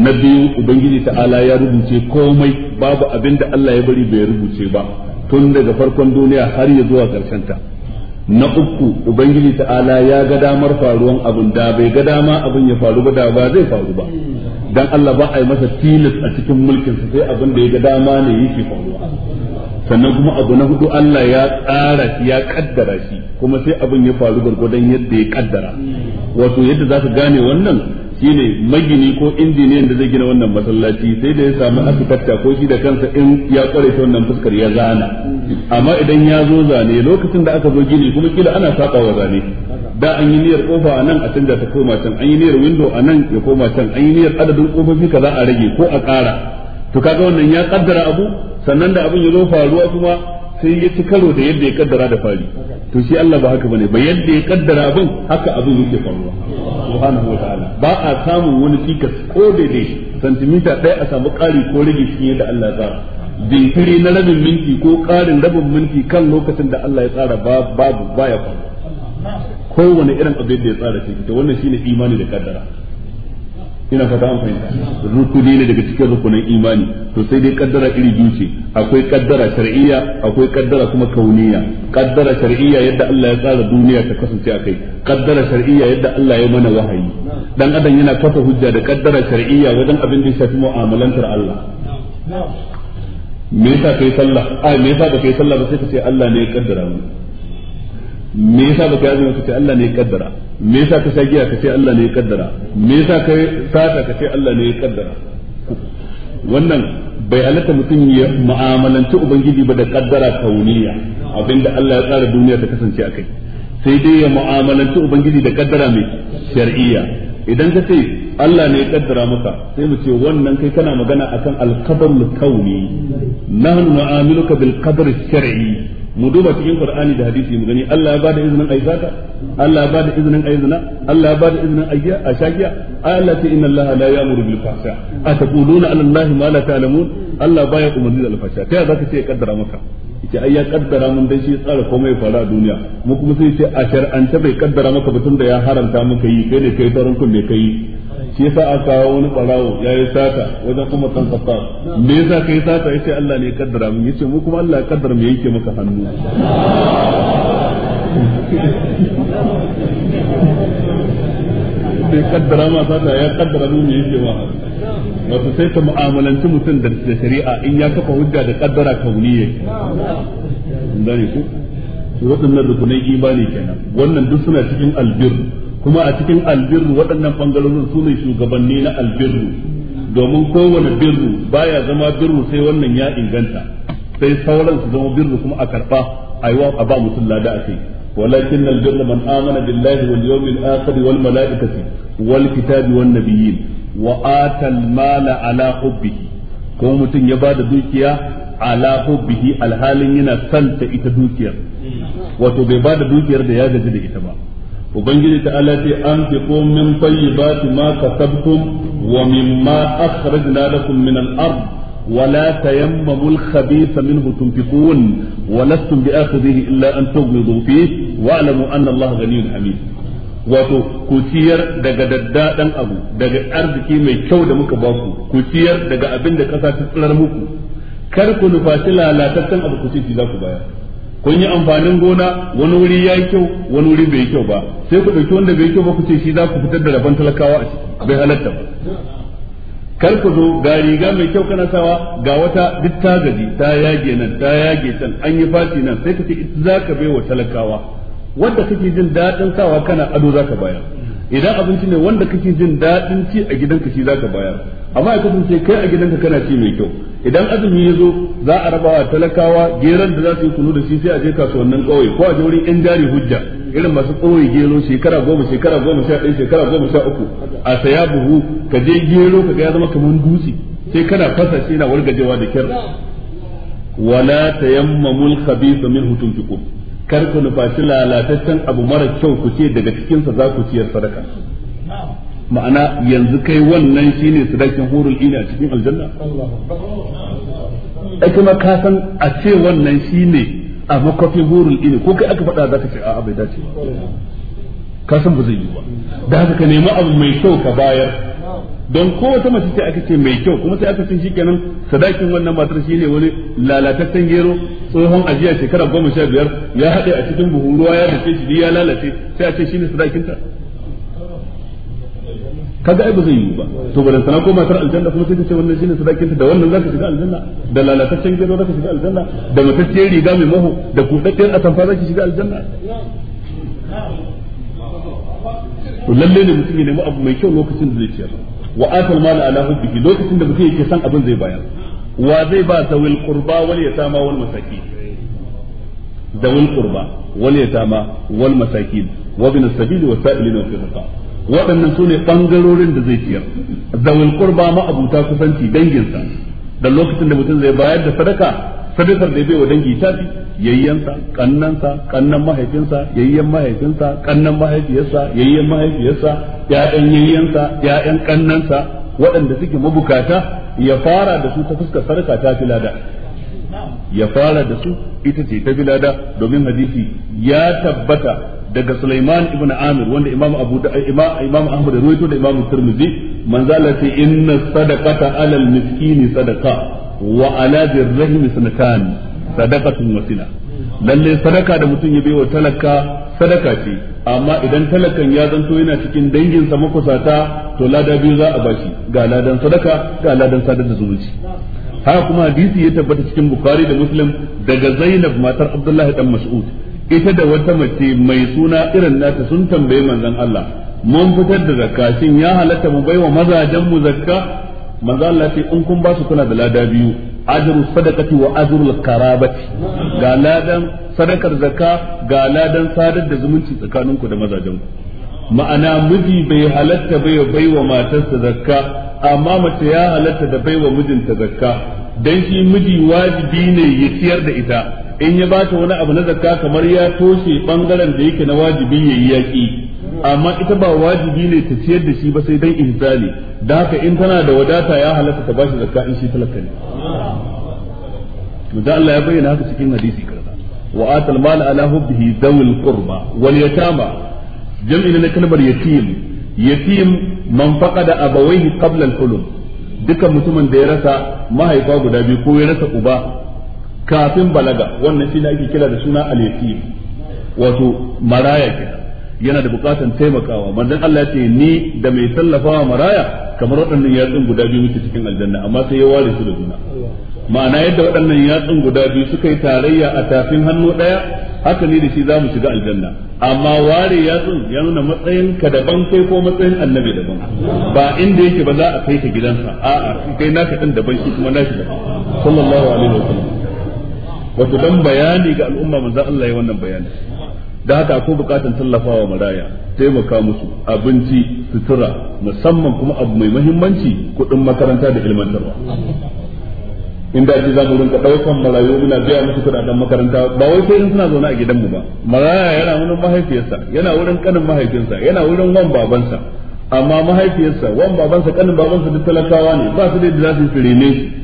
na biyu ubangiji ta'ala ya rubuce komai babu abin da Allah ya bari bai rubuce ba tun daga farkon duniya har ya zuwa karshen ta na uku ubangiji ta'ala ya ga damar faruwan abin da bai ga dama abin ya faru ba da ba zai faru ba dan Allah ba a yi masa tilas a cikin mulkin sa sai abin da ya ga dama ne yake faruwa sannan kuma abu na hudu Allah ya tsara ya kaddara shi kuma sai abin ya faru gwargwadon yadda ya kaddara wato yadda za ka gane wannan shine magini ko injiniyan da zai gina wannan masallaci sai da ya samu arkitekta ko shi da kansa in ya kware shi wannan fuskar ya zana amma idan ya zo zane lokacin da aka zo gini kuma kila ana saba zane da an yi niyyar kofa a nan a canja ta koma can an yi niyyar window a nan ya koma can an yi niyyar adadin kofofi za a rage ko a kara to kaga wannan ya kaddara abu sannan da abin ya zo faruwa kuma sai ya ci karo da yadda ya kaddara da fari to shi Allah ba haka bane ba yadda ya kaddara abin haka abin yake faruwa subhanahu wa ta'ala ba a samun wani cikas ko daidai santimita ɗaya a samu ƙari ko rage shi yadda Allah ya tsara jinkiri na rabin minti ko ƙarin rabin minti kan lokacin da Allah ya tsara babu baya faruwa kowane irin abin da ya tsara shi to wannan shine imani da kaddara ina fata an fahimta rukuni ne daga cikin rukunan imani to sai dai kaddara iri biyu ce akwai kaddara shar'iyya akwai kaddara kuma kauniya kaddara shar'iyya yadda Allah ya tsara duniya ta kasance a kai kaddara shar'iyya yadda Allah ya mana wahayi dan adam yana kafa hujja da kaddara shar'iyya wajen abin da ya shafi mu'amalantar Allah me yasa kai sallah ai me yasa baka yi sallah ba sai ka ce Allah ne ya kaddara mu me yasa baka yi azumi ka ce Allah ne ya kaddara me yasa ka sha giya ka ce Allah ne ya kaddara me yasa ka sata ka ce Allah ne ya kaddara wannan bai halatta mutum ya mu'amalanci ubangiji ba da kaddara kauniya abinda Allah ya tsara duniya ta kasance a kai sai dai ya mu'amalanci ubangiji da kaddara mai shar'iyya idan ka ce Allah ne ya kaddara maka sai mu ce wannan kai kana magana akan al-qadar kauni nahnu nu'amiluka bil qadar shar'i mu duba cikin qur'ani da hadisi mu gani Allah ya bada izinin ayi zaka Allah ya bada izinin ayi zina Allah ya bada izinin ayi a shakiya Allah ta inna Allah la ya'muru bil fahsha ataquluna ala Allah ma la ta'lamun Allah baya umarni da al fahsha kai zaka ce ya kaddara maka yace ai ya kaddara mun dai shi tsara komai fara a duniya mu kuma sai ce a shar'anta bai kaddara maka batun da ya haranta maka yi kai ne kai sauran kun ne kai shi yasa aka kawo wani barawo ya yi sata wajen kuma kan kafa me yasa kai sata yace Allah ne ya kaddara mun yace mu kuma Allah ya kaddara mu yake maka hannu bai kaddara ma sata ya kaddara mu yake ma wato sai ka mu'amalanci mutum da shari'a in ya kafa hujja da kaddara kauniyya dane ku su waɗannan rukunan imani kenan wannan duk suna cikin albir kuma a cikin albir waɗannan bangarorin su ne shugabanni na albirru domin kowane birru baya zama birru sai wannan ya inganta sai sauran su zama birru kuma a karba aiwa a ba mutum lada a kai man amana billahi wal yawmil akhir wal malaikati wa atal mala ala hubbihi ko mutum ya da dukiya ala hubbihi alhalin yana santa ita dukiyar wato bai bada dukiyar da ya gaji da ita ba ubangiji ta ala an fi min min ولا تيمموا الخبيث منه تنفقون ولستم بآخذه إلا أن تغمضوا فيه واعلموا أن الله غني حميد wato ku ciyar daga daddaɗan abu daga arziki mai kyau da muka ba ku ku ciyar daga abin da kasa ta tsirar muku kar ku nufaci lalataccen abu ku ci za ku baya kun yi amfanin gona wani wuri ya yi kyau wani wuri bai yi kyau ba sai ku ɗauki wanda bai yi kyau ba ku ce shi za ku fitar da rabon talakawa a ciki bai halatta ba kar ku zo ga riga mai kyau kana sawa ga wata duk ta gaji ta yage nan ta yage can an yi fati nan sai ka ce za ka bai wa talakawa wanda kake jin daɗin sawa kana ado zaka bayar idan abinci ne wanda kake jin daɗin ci a gidanka shi zaka bayar amma ya kasance kai a gidanka kana ci mai kyau idan azumi ya zo za a rabawa talakawa geran da za su yi kunu da shi sai a je kasuwannin ƙauye ko a je wurin yan jari hujja irin masu ƙauye gero shekara goma shekara goma sha ɗaya shekara goma sha uku a saya buhu ka je gero ka ga ya zama kamar dutse sai kana fasa shi na wargajewa da kyar wala tayammamul khabith minhu tunfiqun kar ku nufaci lalataccen abu mara kyau ku ce daga cikinsa za ku ciyar sadaka ma'ana yanzu kai wannan shine sadakin hurul ina a cikin aljanna ai kuma ka san a ce wannan shine a makwafin hurul ina ko kai aka faɗa za ka ce a bai dace ba ka san ba zai yi ba da haka ka nemi abu mai kyau ka bayar don kowace mace ce aka ce mai kyau kuma sai aka ce shikenan sadakin wannan matar shine wani lalataccen gero tsohon ajiya shekara goma sha biyar ya haɗe a cikin buhu ruwa ya dace shi ya lalace sai a ce shine sadakinta kaga ai ba zai yi ba to ba sana ko matar aljanna kuma sai ta ce wannan shine sadakinta da wannan zaka shiga aljanna da lalataccen gero zaka shiga aljanna da matacciyar riga mai maho da kudaddiyar atamfa ki shiga aljanna lalle ne mutum ya nemi abu mai kyau lokacin da zai ciyar wa atal mala ala hubbihi lokacin da mutum yake san abin zai bayar wa zai ba zawil qurba wal yatama wal masakin zawil qurba wal yatama wal masakin wa bin as-sabil wa sa'ilina fi riqab waɗannan su ne ɓangarorin da zai ciyar zawil qurba ma abuta kusanci danginsa da lokacin da mutum zai bayar da sadaka sadakar da ya bai wa dangi ta fi yayyansa kannansa kannan mahaifinsa yayyan mahaifinsa kannan mahaifiyarsa yayyan mahaifiyarsa ya'yan yayyansa ya'yan kannansa waɗanda suke mabukata ya fara da su ta fuskar sadaka ta fi lada ya fara da su ita ce ta fi lada domin hadisi ya tabbata daga Sulaiman ibn Amir wanda Imam Abu Imam Ahmad ruwaito da Imam Tirmidhi manzala ce inna sadaqata alal miskini sadaqa wa ala dirrahim sanatan sadaqatun wasila lalle sadaka da mutum ya bai wa talaka sadaka ce amma idan talakan ya zanto yana cikin danginsa makusata to lada biyu za a bashi ga ladan sadaka ga ladan sadar da zumunci haka kuma hadisi ya tabbata cikin bukhari da muslim daga zainab matar abdullahi dan mas'ud ita da wata mace mai suna irin nata sun tambaye manzon Allah mun fitar da zakka ya halatta mu baiwa mazajen mu zakka manzo Allah sai in kun ba su kuna da lada biyu ajru sadaqati wa ajrul karabati ga ladan sadakar zakka ga ladan sadar da zumunci tsakanin ku da mazajen ku ma'ana miji bai halatta bai baiwa matarsa zakka amma mace ya halatta da baiwa mijinta zakka dan shi miji wajibi ne ya ciyar da ita in ya bata wani abu na zakka kamar ya toshe bangaren da yake na wajibi yayi yaki amma ita ba wajibi ne ta ciyar da shi ba sai dai inzali da haka in tana da wadata ya halatta ta bashi zakka in shi talaka ne da Allah ya bayyana haka cikin hadisi karza wa atal mal ala hubbihi zawil qurba wal yatama jam'i na kalmar yatim yatim man faqada abawayhi qabla al-hulum dukan mutumin da ya rasa mahaifa guda biyu ko ya rasa uba kafin balaga wannan shi ne ake kira da suna al-yatim wato maraya kenan yana da bukatan taimakawa manzon Allah ya ce ni da mai tallafawa maraya kamar waɗannan yatsun guda biyu muke cikin aljanna amma sai ya ware su da juna ma'ana yadda waɗannan yatsun guda biyu suka yi tarayya a tafin hannu ɗaya haka ne da shi za mu shiga aljanna amma ware yatsun ya nuna matsayin ka daban kai ko matsayin annabi daban ba inda yake ba za a kai ka gidansa a'a kai naka din daban shi kuma nashi daban sallallahu alaihi wa sallam wato dan bayani ga al'umma manzon Allah ya wannan bayani da haka akwai bukatan tallafawa maraya taimaka musu abinci sutura musamman kuma abu mai mahimmanci kuɗin makaranta da ilmantarwa in da za mu rinka ɗaukan marayu muna biya musu kuɗaɗen makaranta ba wai sai suna zaune a gidanmu ba maraya yana wurin mahaifiyarsa yana wurin kanin mahaifinsa yana wurin wan babansa amma mahaifiyarsa wan babansa kanin babansa duk talakawa ne ba su da za su rene shi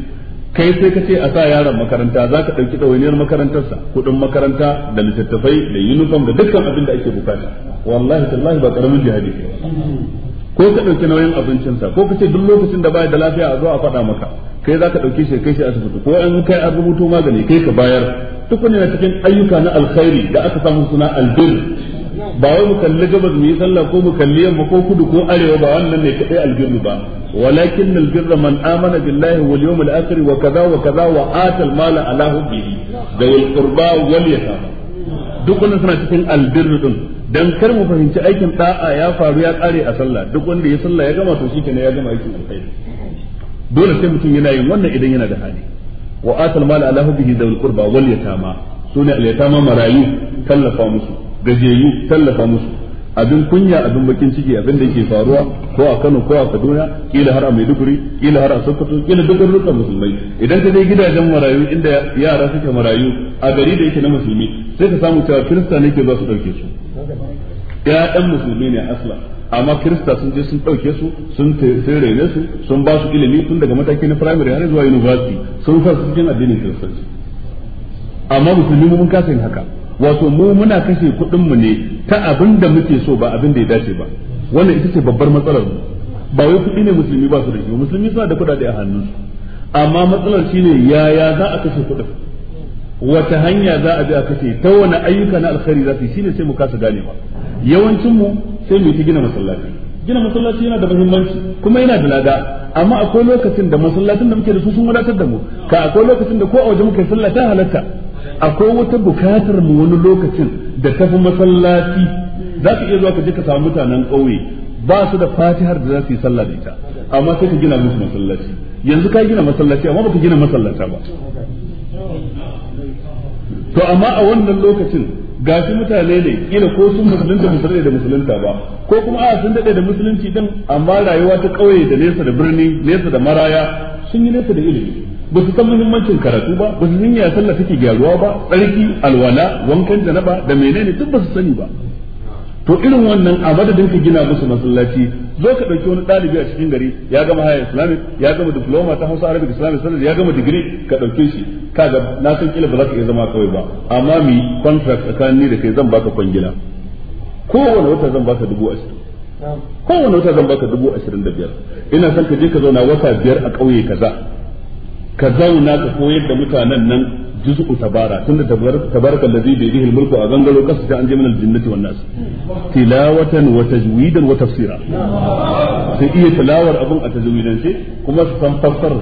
kai sai ka ce a sa yaron makaranta za ka ɗauki ɗawainiyar makarantarsa kuɗin makaranta da littattafai da uniform da dukkan abin da ake bukata wallahi tallahi ba ƙaramin jihadi ke ko ka ɗauki nauyin abincinsa ko ka ce duk lokacin da ba da lafiya a zo a faɗa maka kai za ka ɗauki shi kai shi asibiti ko an kai an rubuto magani kai ka bayar tukuni na cikin ayyuka na alkhairi da aka samu suna albir ba wai mu kalli gabas mu yi sallah ko mu kalli yamma ko kudu ko arewa ba wannan ne kaɗai albirru ba ولكن البر من آمن بالله واليوم الآخر وكذا وكذا وآتى المال على حبه ذوي القربى واليتامى duk wannan suna cikin albirru din dan kar mu fahimci aikin da'a ya faru ya kare a sallah duk wanda ya sallah ya gama to shikenan ya gama aikin alkhairi dole sai mutum yana yin wannan idan yana da hali wa atal mal ala hubbihi dawil qurba wal yatama sune al yatama marayu tallafa musu gajeyu tallafa musu abin kunya abin bakin ciki abin da yake faruwa ko a Kano ko a Kaduna kila har a Maiduguri kila har a Sokoto kila duk garurukan musulmai idan ka je gidajen marayu inda yara suke marayu a gari da yake na musulmi sai ka samu cewa kirista ne ke za su dauke su ƴaƴan musulmi ne asla amma kirista sun je sun dauke su sun raine su sun ba su ilimi tun daga mataki na firamare har zuwa university sun sa cikin addinin kirista amma musulmi mun kasa haka wato mu muna kashe kuɗin mu ne ta abin da muke so ba abin ya dace ba wannan ita ce babbar matsalar mu ba wai kuɗi ne musulmi ba su da shi musulmi suna da kuɗaɗe a hannun su amma matsalar shine yaya za a kashe kuɗin wata hanya za a bi a kashe ta wani ayyuka na alkhairi za su yi shine sai mu kasa gane ba yawancin mu sai mu yi gina masallaci gina masallaci yana da muhimmanci kuma yana da lada amma akwai lokacin da masallacin da muke da su sun wadatar da mu ka akwai lokacin da ko a waje muke sallah ta halatta akwai wata bukatar mu wani lokacin da tafi masallaci za ka iya zuwa ka je ka samu mutanen ƙauye ba su da fatihar da za su yi sallah da ita amma sai ka gina musu masallaci yanzu ka gina masallaci amma baka gina masallaci ba to amma a wannan lokacin shi mutane ne kila ko sun musulunta musulunta da musulunta ba ko kuma a sun dade da musulunci din amma rayuwa ta ƙauye da nesa da birni nesa da maraya sun yi nesa da ilimi ba su san muhimmancin karatu ba ba su san ya sallah take gyaruwa ba tsarki alwala wankan janaba da menene duk ba su sani ba to irin wannan a madadin ka gina musu masallaci zo ka dauki wani dalibi a cikin gari ya gama haya islamic ya gama diploma ta Hausa Arabic Islamic Studies ya gama digiri ka dauke shi kaga na san kila ba za ka iya zama kawai ba amma mi contract tsakanin da kai zan baka kwangila kowane wata zan baka dubu ashirin kowane wata zan baka dubu ashirin da biyar ina san ka je ka zauna wata biyar a ƙauye kaza ka zauna ka koyar da mutanen nan juz'u tabara tunda tabaraka allazi bi yadihi mulku a gangaro kasu ta an je minal jinnati wan nas tilawatan wa tajwidan wa tafsira sai iya tilawar abun a tajwidance kuma su san fassarar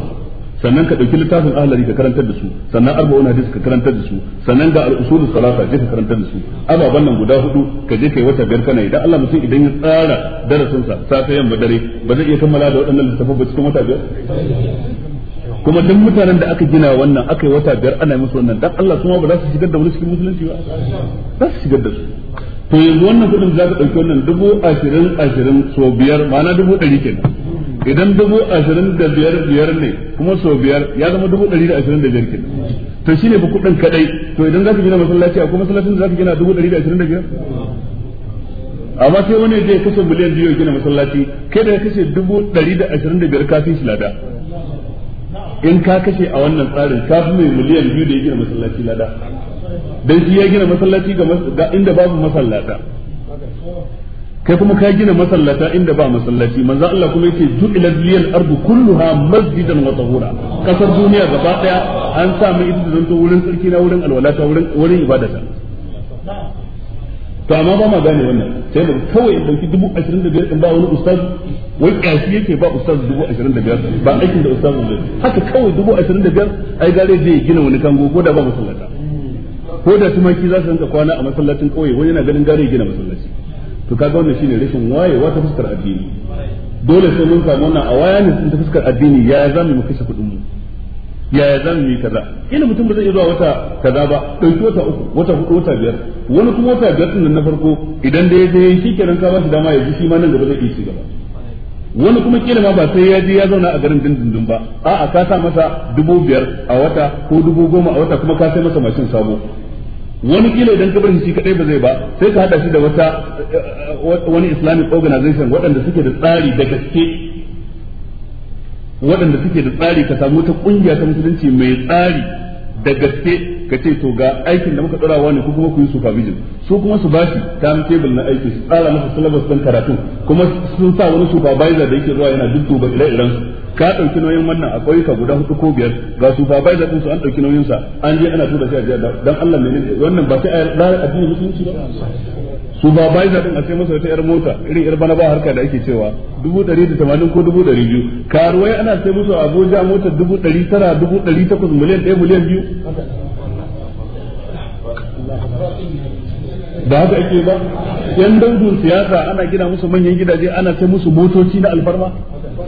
sannan ka dauki littafin ahlari ka karantar da su sannan arba'un hadisi ka karantar da su sannan ga al-usul salasa ka karantar da su ababan nan guda hudu ka je kai wata biyar kana idan Allah mutum idan ya tsara darasin sa safe yamma dare ba zai iya kammala da waɗannan littafin ba cikin wata biyar kuma duk mutanen da aka gina wannan aka yi wata biyar ana musu wannan dan Allah kuma ba za su shigar da wani cikin musulunci ba za su shigar da su to yanzu wannan kudin za ka dauki wannan dubu ashirin ashirin so biyar ma'ana dubu ɗari kenan idan dubu ashirin da biyar biyar ne kuma so biyar ya zama dubu ɗari da ashirin da biyar kenan to shi ne fa kadai kaɗai to idan za ka gina masallaci akwai masallacin da za ka gina dubu ɗari da ashirin da biyar amma sai wani ya je kashe miliyan biyu ya gina masallaci kai da ya kashe dubu ɗari da ashirin da biyar kafin shi lada in ka kashe a wannan tsarin ka fi mai miliyan biyu da ya gina masallaci lada dan shi ya gina masallaci ga inda babu masallata kai kuma ka gina masallata inda ba masallaci manzo Allah kuma yake ju'ila liyal ardu kulluha masjidan wa tahura kasar duniya gaba daya an sa ita da zanto wurin sarki na wurin alwalata wurin wurin ibadata to amma ba ma gane wannan sai mu kawai in dauki dubu ashirin da biyar in ba wani ustaz wai kashi yake ba ustaz dubu ashirin da biyar ba aikin da ustaz zai haka kawai dubu ashirin da biyar ai gare zai gina wani kango ko da ba masallata ko da tumaki za su rinka kwana a masallacin kauye wani yana ganin gare gina masallaci to kaga wannan shine rashin wayewa ta fuskar addini dole sai mun samu wannan a waya ne ta fuskar addini ya zamu mu kashe kuɗin mu yaya za mu yi kaza ina mutum ba zai iya zuwa wata kaza ba ɗauki wata uku wata hudu wata biyar wani kuma wata biyar din na farko idan da ya je shi kenan ka ba shi dama ya ji shi ma nan gaba zai iya shi gaba wani kuma kila ma ba sai ya je ya zauna a garin dindindin ba a'a ka sa masa dubu biyar a wata ko dubu goma a wata kuma ka sai masa mashin sabo wani kila idan ka bari shi kadai ba zai ba sai ka hada shi da wata eh, eh, wani islamic organization waɗanda suke da tsari da gaske waɗanda suke da tsari ka samu ta ƙungiya ta musulunci mai tsari da gaske ka ce to ga aikin da muka tsarawa ne ko kuma ku yi supervision su kuma su ba shi time table na aiki su tsara masa syllabus ɗin karatu kuma sun sa wani supervisor da yake zuwa yana dudduba ire-iren ka ɗauki nauyin wannan a ƙauyuka guda hudu ko biyar ga supervisor ɗin su an ɗauki nauyin sa an je ana tura shi a jiya dan Allah ne wannan ba sai a addinin musulunci ba su ba bai da a sai masa wata yar mota irin yar bana ba harka da ake cewa dubu ɗari da tamanin ko dubu ɗari biyu karuwai ana sai musu abuja mota dubu ɗari tara dubu ɗari takwas miliyan ɗaya miliyan biyu da haka ake ba yan daudun siyasa ana gina musu manyan gidaje ana sai musu motoci na alfarma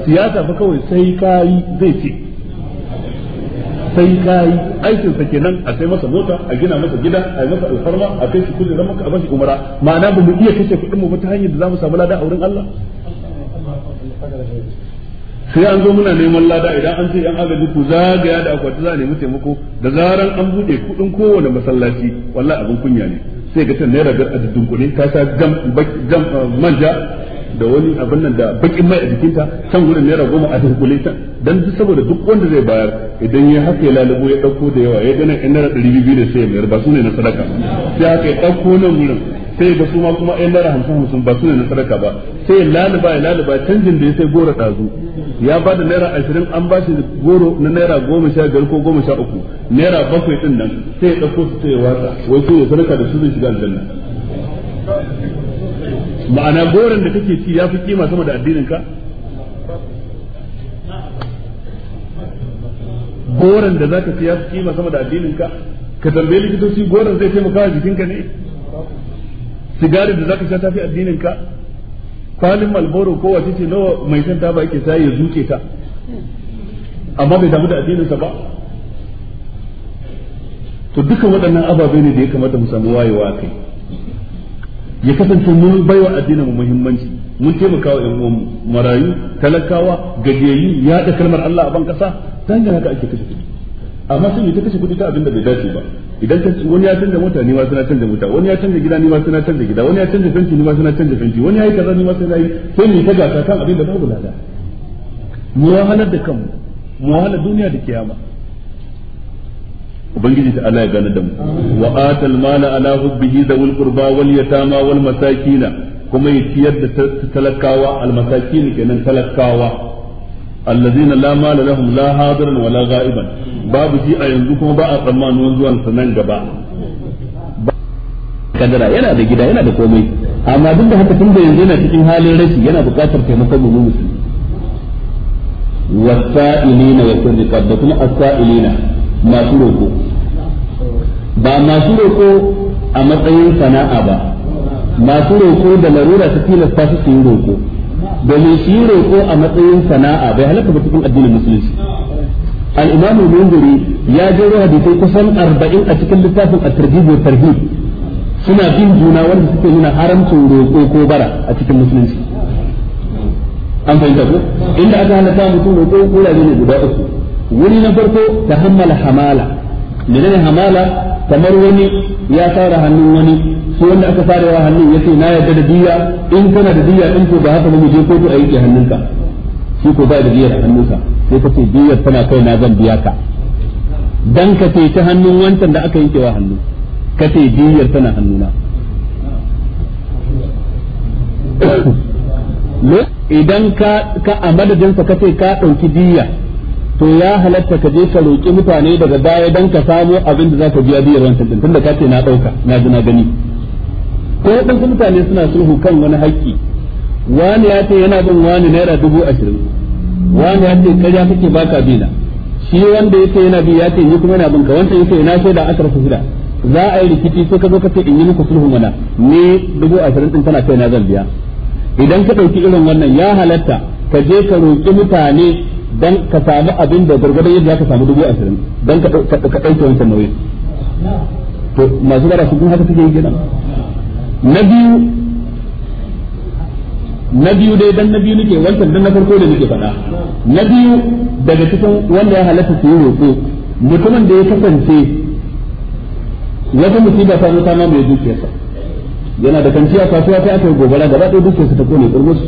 siyasa fa kawai sai kayi zai ce sai kai aikin sa kenan a sai masa mota a gina masa gida a masa alfarma a kai shi kullu ramaka a bashi umara ma'ana ba mu iya kace kuɗin mu ba ta hanyar da zamu samu lada a wurin Allah sai an zo muna neman lada idan an ce yan agaji ku zagaya da akwati za a nemi taimako da zaran an bude kuɗin kowane masallaci wallahi abin kunya ne sai ga ta naira biyar a ta kuɗi ka sa gam manja da wani abin nan da bakin mai a jikinta can gudun naira goma a dunkule ta dan duk saboda duk wanda zai bayar idan ya haka ya lalubo ya dauko da yawa ya gane in naira ɗari biyu ne sai ya mayar ba su ne na sadaka sai haka ya dauko nan wurin sai ga su ma kuma ɗan naira hamsin hamsin ba su ne na sadaka ba sai ya laluba ya laluba canjin da ya sai goro ɗazu ya ba da naira ashirin an ba shi goro na naira goma sha biyar ko goma sha uku naira bakwai ɗin nan sai ya ɗauko su sai ya watsa wai su ya sadaka da su zai shiga aljanna ma'ana goron da kake ci ya fi kima sama da addinin ka goron da zaka ci ya fi kima sama da addinin ka ka tambaye likitoci goron zai taimaka wa jikinka ne sigarin da zaka sha ta fi addinin ka kwalin malboro ko wace ce nawa mai san taba yake sai ya zuke ta amma bai damu da addinin sa ba to dukkan waɗannan ababe ne da ya kamata mu samu wayewa kai ya kasance mun baiwa addinin mu muhimmanci mun taimaka wa ƴan uwanmu marayu talakawa gajiyayyu ya da kalmar Allah a ban kasa dan haka ake kashe kuɗi amma sun yi ta kashe kuɗi ta abin da bai dace ba idan ka wani ya canza mota ni ma suna canza mota wani ya canza gida ni ma suna canza gida wani ya canza fenti ni ma suna canza fenti wani ya yi kaza ni ma suna yi sai mu ta gasa kan abin da babu lada mu wahalar da kanmu mu wahalar duniya da kiyama ubangiji ta Allah ya gane da mu wa atal mala ala hubbihi zawul qurba wal yatama wal masakina kuma ya ciyar da talakawa al masakin kenan talakawa allazina la mala lahum la hadiran la ghaiban babu ji a yanzu kuma ba a tsammanin zuwan sa nan gaba kadara yana da gida yana da komai amma duk da haka tun da yanzu yana cikin halin rashi yana buƙatar taimakon mu musulmi wasa'ilina wa sirriqat da kuma asa'ilina masu roƙo ba masu roƙo a matsayin sana'a ba masu roƙo da larura ta tilasta su su yi roƙo domin su yi roƙo a matsayin sana'a bai halatta ba cikin addinin musulunci al-imam al-mundiri ya jero hadisai kusan 40 a cikin littafin at-targhib wa tarhib suna bin juna wanda suke nuna haramcin roƙo ko bara a cikin musulunci an fahimta ko inda aka halatta mutum roƙo ko ne guda uku wani na farko ta hammala hamala menene hamala kamar wani ya fara hannun wani su wanda aka fara wa hannun ya ce na yadda da diya in kana da diya in ko da haka mu je kotu a yi hannun hannunka shi ko ba da diyar a hannunsa sai ka ce diyar tana kai na zan biya ka dan ka ce ta hannun wancan da aka yanke wa hannu ka ce diyar tana hannuna idan ka a madadinsa ka ce ka ɗauki diya to ya halatta ka je ka roƙi mutane daga baya don ka samo abin da za zaka biya biyar wancan din tunda ka ce na ɗauka na ji na gani ko wadansu mutane suna sulhu kan wani haƙƙi wani ya ce yana bin wani naira dubu ashirin wani ya ce karya kake baka bina shi wanda ya ce yana bi ya ce ni kuma yana bin ka wancan ya ce na shaida aka rasu shida za a yi rikici sai ka zo ka ce in yi muku sulhu mana ni dubu ashirin din tana kai na zan biya idan ka ɗauki irin wannan ya halatta ka je ka roƙi mutane dan ka samu abin da gargadon yadda ka samu dubu ashirin dan ka ɗauke wancan nauyi to masu gara su haka suke yi kenan na biyu na biyu dai dan na biyu nake wancan dan na farko da nake faɗa na biyu daga cikin wanda ya halatta su yi roƙo mutumin da ya kasance wata musiba ta zo ta mamaye dukiyarsa yana da kanciya kasuwa ta aka yi gobara gaba ɗaya dukiyarsa ta kone ƙurmus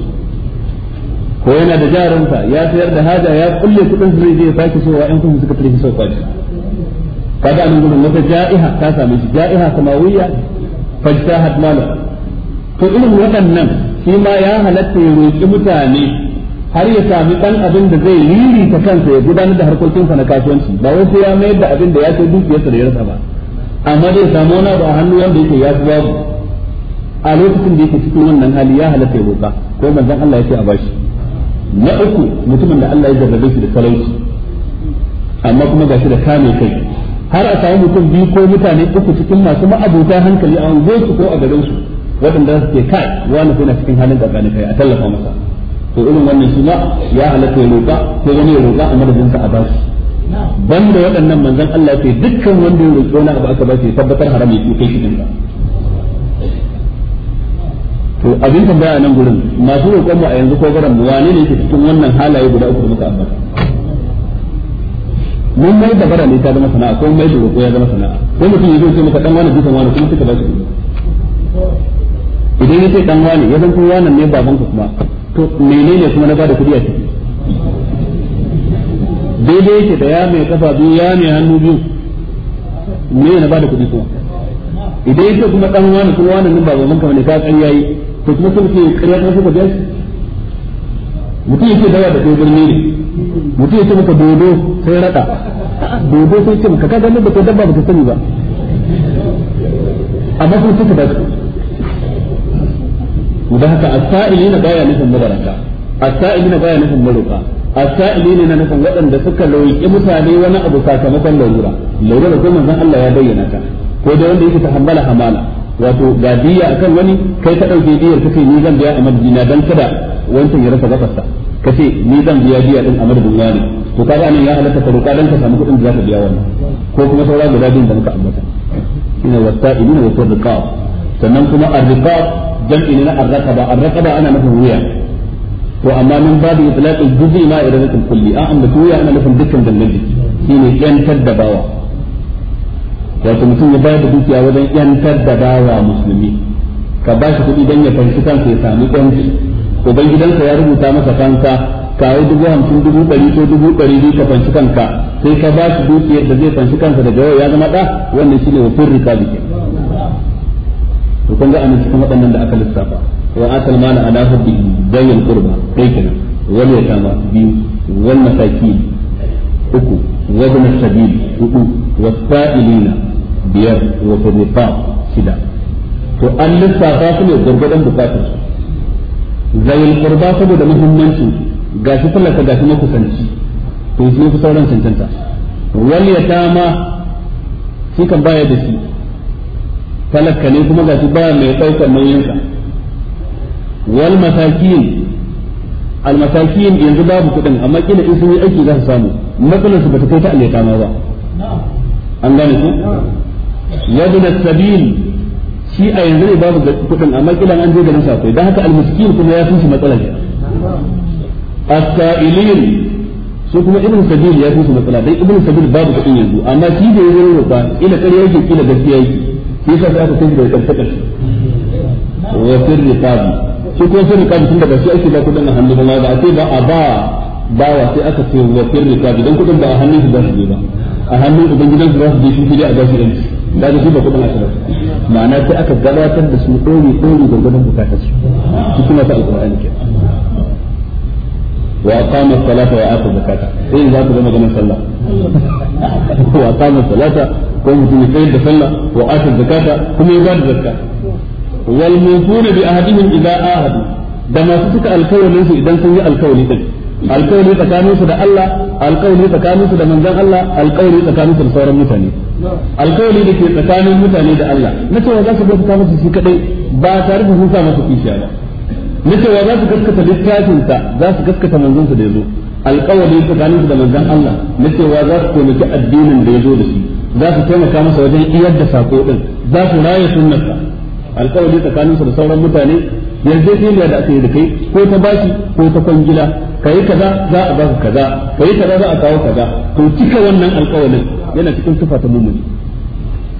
ko yana da jarinsa ya sayar da haja ya kulle kudin su zai je ya sake sowa in kuma suka tarihi sauka kwashi kaga an gudun wata ja'iha ta same shi ja'iha samawiyya fajtahat mala to irin waɗannan shi ma ya halatta ya roƙi mutane har ya sami ɗan abin da zai riri ta kansa ya gudanar da harkokin harkokinsa na kasuwanci ba wai sai ya mayar da abin da ya kai dukiyarsa da ya ba amma zai samu wani abu a hannu wanda yake ya fi babu a lokacin da yake cikin wannan hali ya halatta ya roƙa ko manzon Allah ya ce a bashi na uku mutumin da Allah ya jarrabe shi da talauci amma kuma gashi da kame kai har a samu mutum biyu ko mutane uku cikin masu ma'abuta hankali a wanzo su ko a garin su waɗanda su ke kai wani suna cikin halin da kai a tallafa masa to irin wannan shi ma ya halatta ya roƙa ko wani ya roƙa a madadinsa a bashi banda waɗannan manzon Allah ya ce dukkan wanda ya roƙi wani abu aka bashi ya tabbatar haram ya kai shi din to abin tambaya nan gurin masu roƙon mu a yanzu ko garan mu wane ne ke cikin wannan halaye guda uku muka ambata mun mai da bara ne ta zama sana'a ko mai da roƙo ya zama sana'a ko mutum ya zo ce maka dan wani duka wani kuma suka ba shi idan ya ce dan wani ya zanto wannan ne baban ku kuma to menene kuma na bada kudi a ciki daidai yake da ya mai kafa biyu ya mai hannu biyu me na bada kudi kuma idan ya ce kuma dan wani kuma wannan ne baban ka ne ka tsari yayi to kuma sun ce ƙarya ta kuma biya mutum ce dawa da dogon ne mutum yake maka dodo sai raɗa dodo sai ce maka kaga da kai dabba ta sani ba amma kuma suka da su da haka as-sa'ilina baya nufin mabaraka as-sa'ilina baya nufin maruka as-sa'ilina na nufin waɗanda suka lauki mutane wani abu sakamakon larura larura kuma manzon Allah ya bayyana ta ko da wanda yake ta hamala hamala wato ga diya akan wani kai ka dauke diyar kace ni zan biya a madina dan kada wancan ya rasa ka kace ni zan biya diya din a madadin wani to kaga nan ya halatta ka roka dan ka samu kuɗin da zaka biya wani ko kuma saura guda biyun da muka ambata ina wasa'ilina wa sirqab sannan kuma ar-riqab jam'i ne na ar ba ana nufin wuya to amma min babu itlaqi juz'i ma iradatul kulli a amma wuya ana nufin dukkan dangan jiki shine yantar da bawa wato mutum ya bayar da dukiya wajen yantar da bawa musulmi ka ba shi kuɗi don ya fanshi kansa ya sami yanci ubangidansa ya rubuta masa kanka kawo dubu hamsin dubu ɗari ko dubu ɗari biyu ka fanshi kanka sai ka ba shi dukiyar da zai fanshi kansa daga yau ya zama ɗa wannan ne wa furri kalike to kun ga anan cikin waɗannan da aka lissafa wa atal mana ala hubbi bayan qurba kai kenan wal yatama biyu wal masakin uku wa ibn sabil wasu was sa'ilina biyar wa furnifa shida to an lissafa su ne gurgurdan bukatar su zayin qurba saboda muhimmancin gashi tallata gashi na kusanci to shi fi sauran cancanta wal ma shi kan baya da shi talaka ne kuma shi baya mai ɗaukar nauyinsa wal matakin al matakin yanzu babu kudin amma kila in sun yi aiki za su samu matsalar su bata kai ta al yatama ba an gane ku wabin sabil shi a yanzu ne babu kudin amma kilan an je garin sa akwai dan haka almiskin kuma ya fi shi matsala ne asailin su kuma ibn sabil ya fi shi matsala dai ibn sabil babu kudin yanzu amma shi da yanzu ne ba ila kare yake kila gaskiya yake shi sai aka kai da kan takar wa sirri tabi shi ko sirri tabi tun daga shi ake da kudin a hannu ba da ake ba a ba bawa sai aka ce wa sirri tabi dan kudin ba a hannun su ba su ba a hannun ubangidansu ba su je shi da a ba shi yanci da su ba kudin asibar ma'ana sai aka gabatar da su ɗori ɗori gwargwadon bukatar su su suna ta alƙur'ani ke wa aqama salata wa ata zakata sai za ku zama ganin sallah wa aqama salata ko mutum ya tsayar da sallah wa ata zakata kuma ya ba da zakka wal mutuna bi ahadihim idza ahadu da masu suka alkawarin su idan sun yi alkawari din alkawari tsakaninsu da Allah alkawari tsakaninsu da manzon Allah alkawari tsakaninsu da sauran mutane alkawari da ke tsakanin mutane da Allah na cewa za su bauta masa shi kadai ba tare da sun sa masa kishiya ba na cewa za su gaskata littafinsa za su gaskata manzonsa da ya zo alkawari tsakanin su da manzon Allah na cewa za su taimaki addinin da ya zo da shi za su taimaka masa wajen iyar da sako din za su raya sunnarsa alkawari tsakanin su da sauran mutane yarjejeniya da aka yi da kai ko ta bashi ko ta kwangila kayi kaza za a baka kaza kayi kaza za a kawo kaza to cika wannan alkawarin yana cikin sifa ta mumuni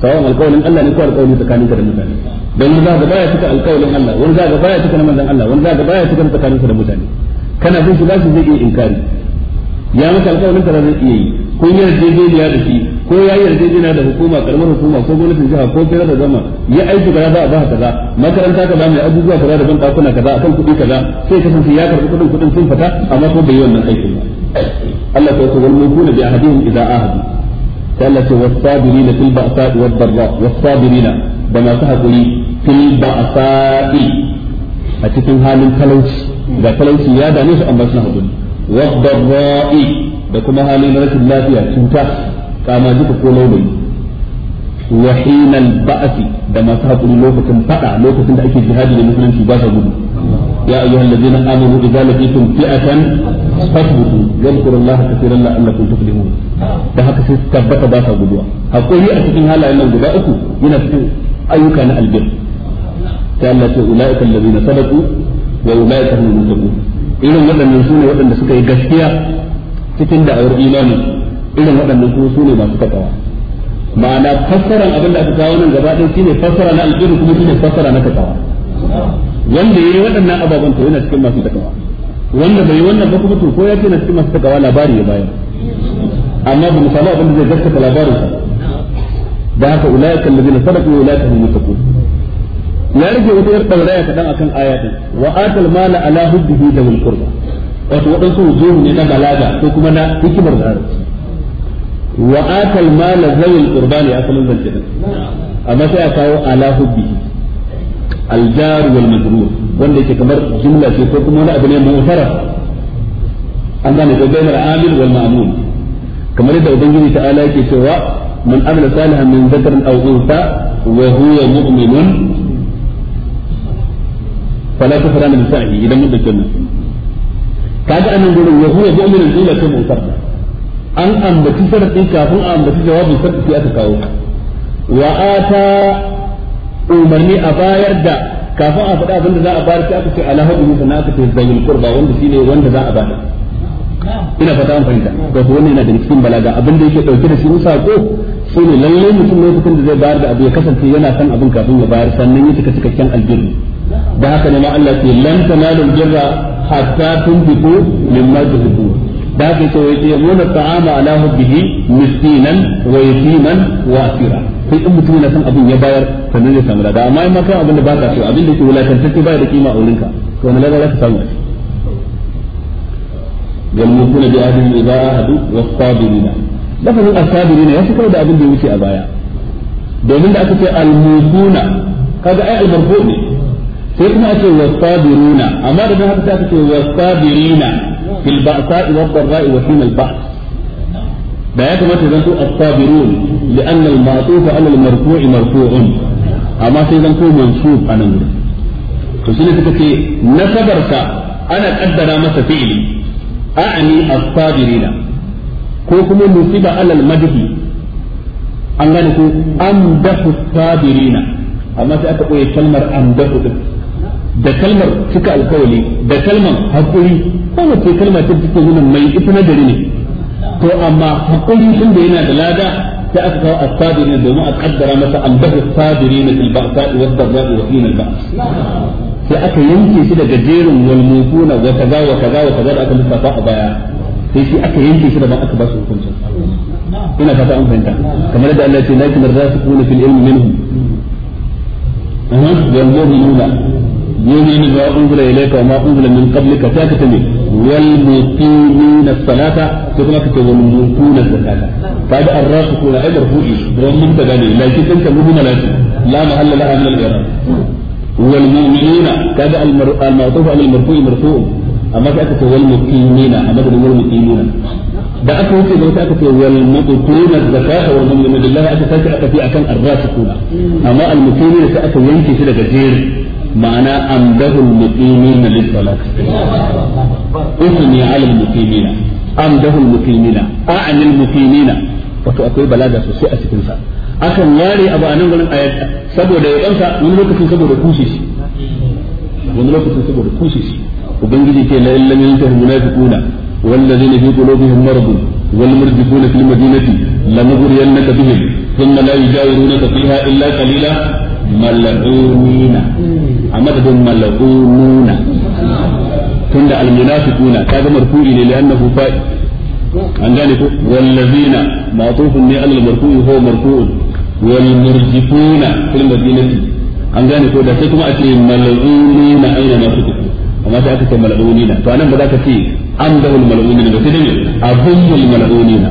sawan alkawalin Allah ne ko alkawalin tsakanin ka da mutane dan wani zaka baya cika alkawalin Allah wani zaka baya cika na manzan Allah wani zaka baya cika tsakanin ka da mutane kana bin shi bashi zai iya inkari ya maka alƙawarin ka zai iya yi ko ya yarjejeniya da shi ko ya yi yarjejeniya da hukuma karamar hukuma ko gwamnatin jiha ko kira da zama ya aiki kaza za a ba kaza makaranta kaza mai abubuwa kaza da ban kaza akan kuɗi kaza sai kasance ya karɓi kuɗin kuɗin sun fata amma ko bai yi wannan aikin ba Allah ta wani wal mulkuna bi ahadihim idza ahadu التي والصابرين في البأساء والضراء والصابرين بما تحقني في البأساء أتكن حال التلوش إذا تلوش يا دانيش أما سنحضن والضراء لكما حال رسل الله فيها سنتا كما جيك قولوني وحين البأس بما تحقني لوكة فقع لوكة أكي جهاد لمسلم في باشا قدو يا أيها الذين آمنوا إذا لقيتم فئة فاثبتوا واذكروا الله كثيرا لعلكم تفلحون da haka sai tabbata ba sa guduwa hakuri a cikin halayen nan guda uku yana cikin ayyuka na albir ta Allah ce ulaika allazina sadaqu wa ulaika hum muttaqun irin waɗannan sune waɗanda suka gaskiya cikin da'awar imani irin waɗannan su sune masu takawa ma'ana fassaran abin da aka kawo nan gaba shine fassara na albir kuma shine fassara na takawa wanda yayi waɗannan ababen to yana cikin masu takawa wanda bai wannan ba kuma to ko ya ce yana cikin masu takawa labari ya bayar amma ba mu samu abin da zai gaskata labarin sa da haka ulaika alladhina sadaqu wa ulaika hum muttaqun ya rage wata yar dauraya kadan akan aya din wa atal mala ala hubbihi dawil qurba wato waɗansu wujuhu ne na balaga ko kuma na hikimar da wa atal mala zawil qurba ne asalin zance amma sai a kawo ala hubbihi aljar wal majrur wanda yake kamar jumla ce ko kuma wani abu ne mu'taraf an gane ko bainar amil wal ma'mum kamar yadda ubangiji ta'ala yake cewa man amila salihan min dhakarin aw unsa wa huwa mu'minun fala kufrana bi sa'i idan mun dace nan kaga anan gurin wa huwa mu'minun ila ta mu'taraf an ambaci sharadin kafin a ambaci jawabin sarki aka kawo wa ata umarni a bayar da kafin a faɗa abinda za a bayar sai aka ce ala hudu sannan aka ce zayyul qurba wanda shine wanda za a bayar ina fata an fahimta to ko wannan yana da cikin balaga abin da yake dauke da shi musa ko shine lalle mutum lokacin da zai bayar da abu ya kasance yana san abin kafin ya bayar sannan ya cika cikakken albirri da haka ne ma Allah ce lan tanalul birra hatta tunfiqu mimma tuhibbun da haka ce wa yaqimuna ta'ama ala hubbihi miskinan wa yatiman wa asira sai in mutum yana son abin ya bayar sannan zai samu lada amma in ma kan abin da baka so abin da ke wulatantacce baya da kima a wurinka to wani lada za ka samu a ciki yalmukuna bi ahdihim idza ahadu was-sabirina lafazin as-sabirina ya fi kawai da abin da ya wuce a baya domin da aka ce al-mukuna kaga ai al-marfu ne sai kuma ake was-sabiruna amma da haka sai aka ce was-sabirina fil ba'sa'i wad-dharra'i wa hina al da ya kamata zan to as-sabirun li'anna al-ma'tuf 'ala al-marfu' marfu'un amma sai zan to mansub anan gurin to shine suka ce nasabarka ana kaddara masa fi'li a'ni as-sabirina ko kuma musiba 'ala al-madhi an gane ko amdahu sabirina amma sai aka koyi kalmar amdahu din da kalmar cika alkawali da kalmar hakuri kowace kalmar ta take nuna mai ita na gari ne to amma hakuri tun da yana da lada sai aka kawo as-sabirin domin a kaddara masa ambahu as-sabirin fil ba'sa'i wad-dharra'i wa hina al-ba's sai aka yanke shi daga jerin wal mutuna wa kaza wa kaza wa kaza da aka lissafa a baya sai shi aka yanke shi da ban aka ba su hukuncin ina fata an fahimta kamar da Allah ya ce lakin rasikuna fil ilmi minhum wal mu'minuna يؤمن بما أنزل إليك وما أنزل من قبلك تاكتني والمقيمين الصلاة كما كتب والمؤتون الزكاة فهذا الراسخون أي مرفوعي ومن تبني لكن أنت مهم لا لا محل لها من الإعراب والمؤمنين كذا المعطوف على المرفوع مرفوع أما sai aka ce wal muqimina a madadin wal muqimina da aka wuce الزكاة والمؤمنين لله wal في zakata wal mu'minina billahi aka sake aka fi akan ma'ana amdahul muqimina lis-salat usmi 'ala al-muqimina amdahul muqimina a'anil muqimina wato akwai balaga sosai a cikin sa akan yare abu a nan gurin ayat saboda ya kansa wani lokacin saboda kushe shi wani lokacin saboda kushe والذين في قلوبهم مرض والمرجفون في المدينة لنغرينك بهم ثم لا يجاورونك فيها إلا قليلا ملعونين a madadin mal'ununa tunda almunafiquna kaga marfu'i ne li'annahu fa'i an gane ko wallazina ma'tufun ne alal marfu'i huwa marfu'un wal murjifuna fil madinati an gane ko da sai kuma a ce mal'ununa aina ma suku amma sai aka ce mal'unina to anan ba za ka ce an dawul mal'unina ba sai dai abul mal'unina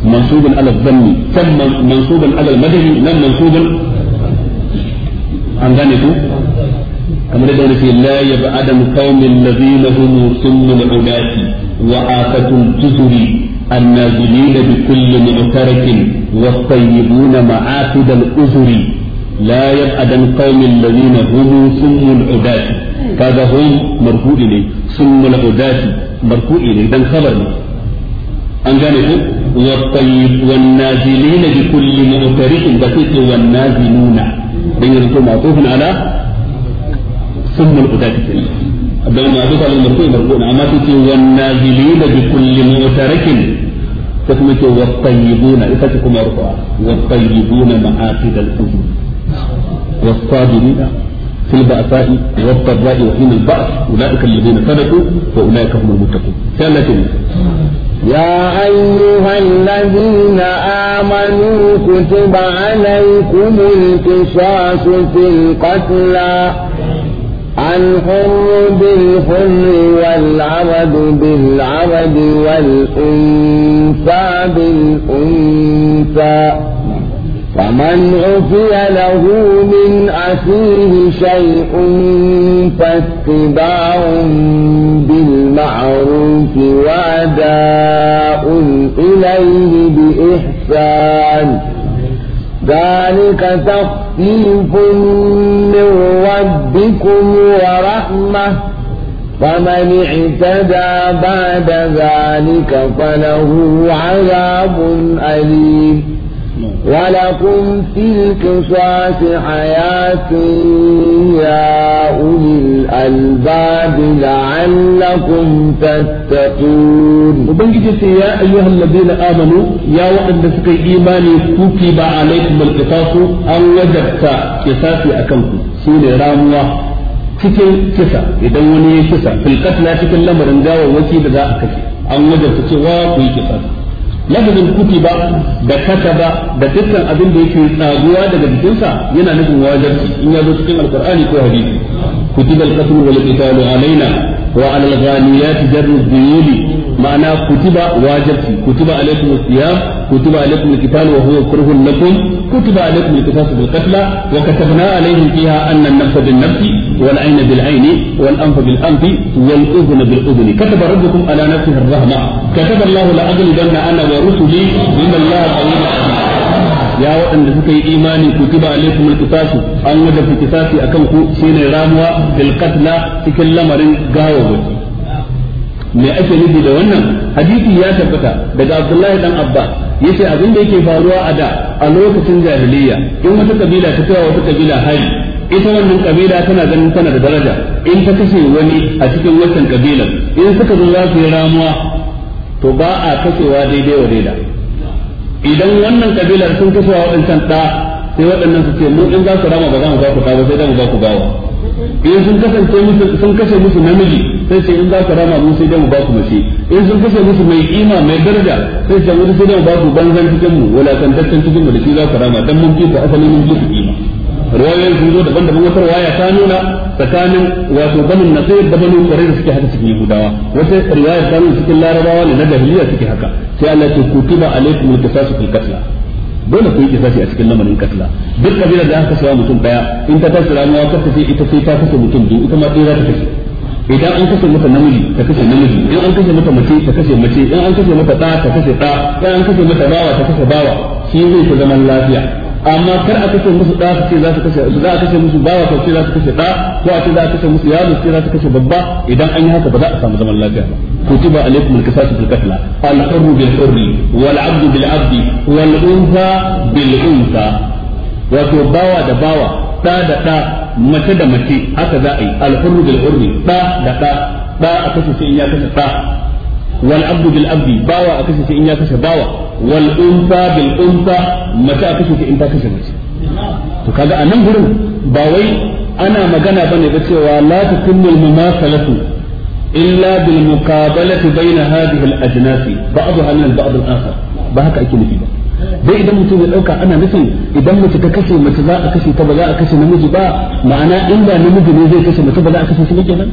منصوب على الظن تم منصوبا على nan لم منصوبا عن ذلك kamar da wani fiye na yabi adam kaumin na zai na hulu na ɗaudaki wa katun tuzuri an na da bi kulli mu a tarakin wasu yi nuna ma'afi da uzuri la yabi adam kaumin na zai na hulu sun mu na ɗaudaki kaga hun markuɗi ne sun mu na ɗaudaki markuɗi ne dan kabar ne an gane ku wasu yi wanna zuni da bi kulli mu a tarakin da suke wanna zinuna. Dengar itu maksudnya ثم القتال بينما بيت على المرفوع مرفوع أما والنازلين بكل معترك تسميته والطيبون إفتكم أرفع والطيبون معاقد الحزن والصابرين في البأساء والضراء وحين البأس أولئك الذين صدقوا وأولئك هم المتقون ثالثا يا أيها الذين آمنوا كتب عليكم القصاص في القتلى الحر بالحر والعبد بالعبد والأنثى بالأنثى فمن عفي له من أخيه شيء فاتباع بالمعروف وأداء إليه بإحسان ذلك تقوى تخفيف من ربكم ورحمة فمن اعتدى بعد ذلك فله عذاب أليم ولكم في القصاص حياة يا أولي الألباب لعلكم تتقون وبنجد يا أيها الذين آمنوا يا وأن تسقي إيماني كتب عليكم القصاص أن وجبت قصاصي أكمكم سورة راموة cikin kisa idan wani ya kisa filkat na cikin lamarin gawar waki da za a kashe an wajabta cewa ku yi kisa lafazin kutiba da kataba da dukkan abin da yake tsaguwa daga jikinsa yana nufin wajen in ya zo cikin alqur'ani ko hadisi kutiba al-qatl wal qitalu alaina وعلى الغانيات جر الذيول معنى كتب واجبتي كتب عليكم الصيام كتب عليكم القتال وهو كره لكم كتب عليكم القصاص بالقتلى وكتبنا عليهم فيها ان النفس بالنفس والعين بالعين والانف بالانف والاذن بالاذن كتب ربكم على نفسه الرحمه كتب الله لاغلبن انا ورسلي ان الله قوي عزيز ya waɗanda suka yi imani kutiba alaikum alqisasu an wajaba qisasi akan ku shine ramuwa bil qatla cikin lamarin gawawaki me ake nufi da wannan hadisi ya tabbata daga Abdullahi dan Abba yace abin da yake faruwa a da a lokacin jahiliyya in wata kabila ta kawo wata kabila hari ita wannan kabila tana ganin tana da daraja in ta kashe wani a cikin wannan kabila in suka zo za su yi ramuwa to ba a kashewa daidai wa daida idan wannan kabilar sun kashe wa waɗancan ɗa sai waɗannan su ce mu in za su rama ba za mu ba ku ɗa ba sai za mu ba ku gawa in sun kasance musu sun kashe musu namiji sai ce in za ku rama mu sai dai mu ba ku mace in sun kashe musu mai kima mai daraja sai ce mu sai dai mu ba ku banzan cikin mu wulakantaccen cikin mu da shi za ku rama dan mun fi ku asalin mun fi riwayoyin sun zo daban-daban wata riwaya ta nuna tsakanin wato banin nasir da banin kwarai da suke haka cikin yahudawa wata riwaya ta nuna cikin larabawa ne na jahiliya suke haka sai Allah ya ce kutiba alaikum al-qisasu fil qatl dole ku yi kisasi a cikin lamarin katla duk kabilar da aka kashe mutum daya in ta tashi ramuwa ka tafi ita sai ta kashe mutum biyu ita ma ɗaya za ta kashe idan an kashe mata namiji ta kashe namiji in an kashe mata mace ta kashe mace in an kashe mata ɗa ta kashe ɗa in an kashe mata bawa ta kashe bawa shi zai ta zaman lafiya amma kar a kashe musu da su ce za su kashe za a kashe musu bawa ta ce za su kashe da ko a ce za a kashe musu ya yaro ce za su kashe babba idan an yi haka ba za a samu zaman lafiya ba ko ci ba alaikum alkasatu bil qatla al hurr bil hurr wal abd bil abd wal unsa bil unsa wato bawa da bawa da da ɗa mace da mace haka za a yi al hurr bil hurr ɗa da ɗa a kashe sai in ya kashe ɗa wal abdu bil abdi bawa a kashe shi in ya kashe bawa wal unsa bil unsa mace a kashe shi in ta kashe mace to kaga a nan gurin ba wai ana magana bane ba cewa la takunnul illa bil muqabalati bayna hadhihi ba ba dai idan mutum ya dauka ana nufin idan mace ta kashe mace za a kashe ta ba za a kashe namiji ba ma'ana inda namiji ne zai kashe mace ba za a kashe shi kenan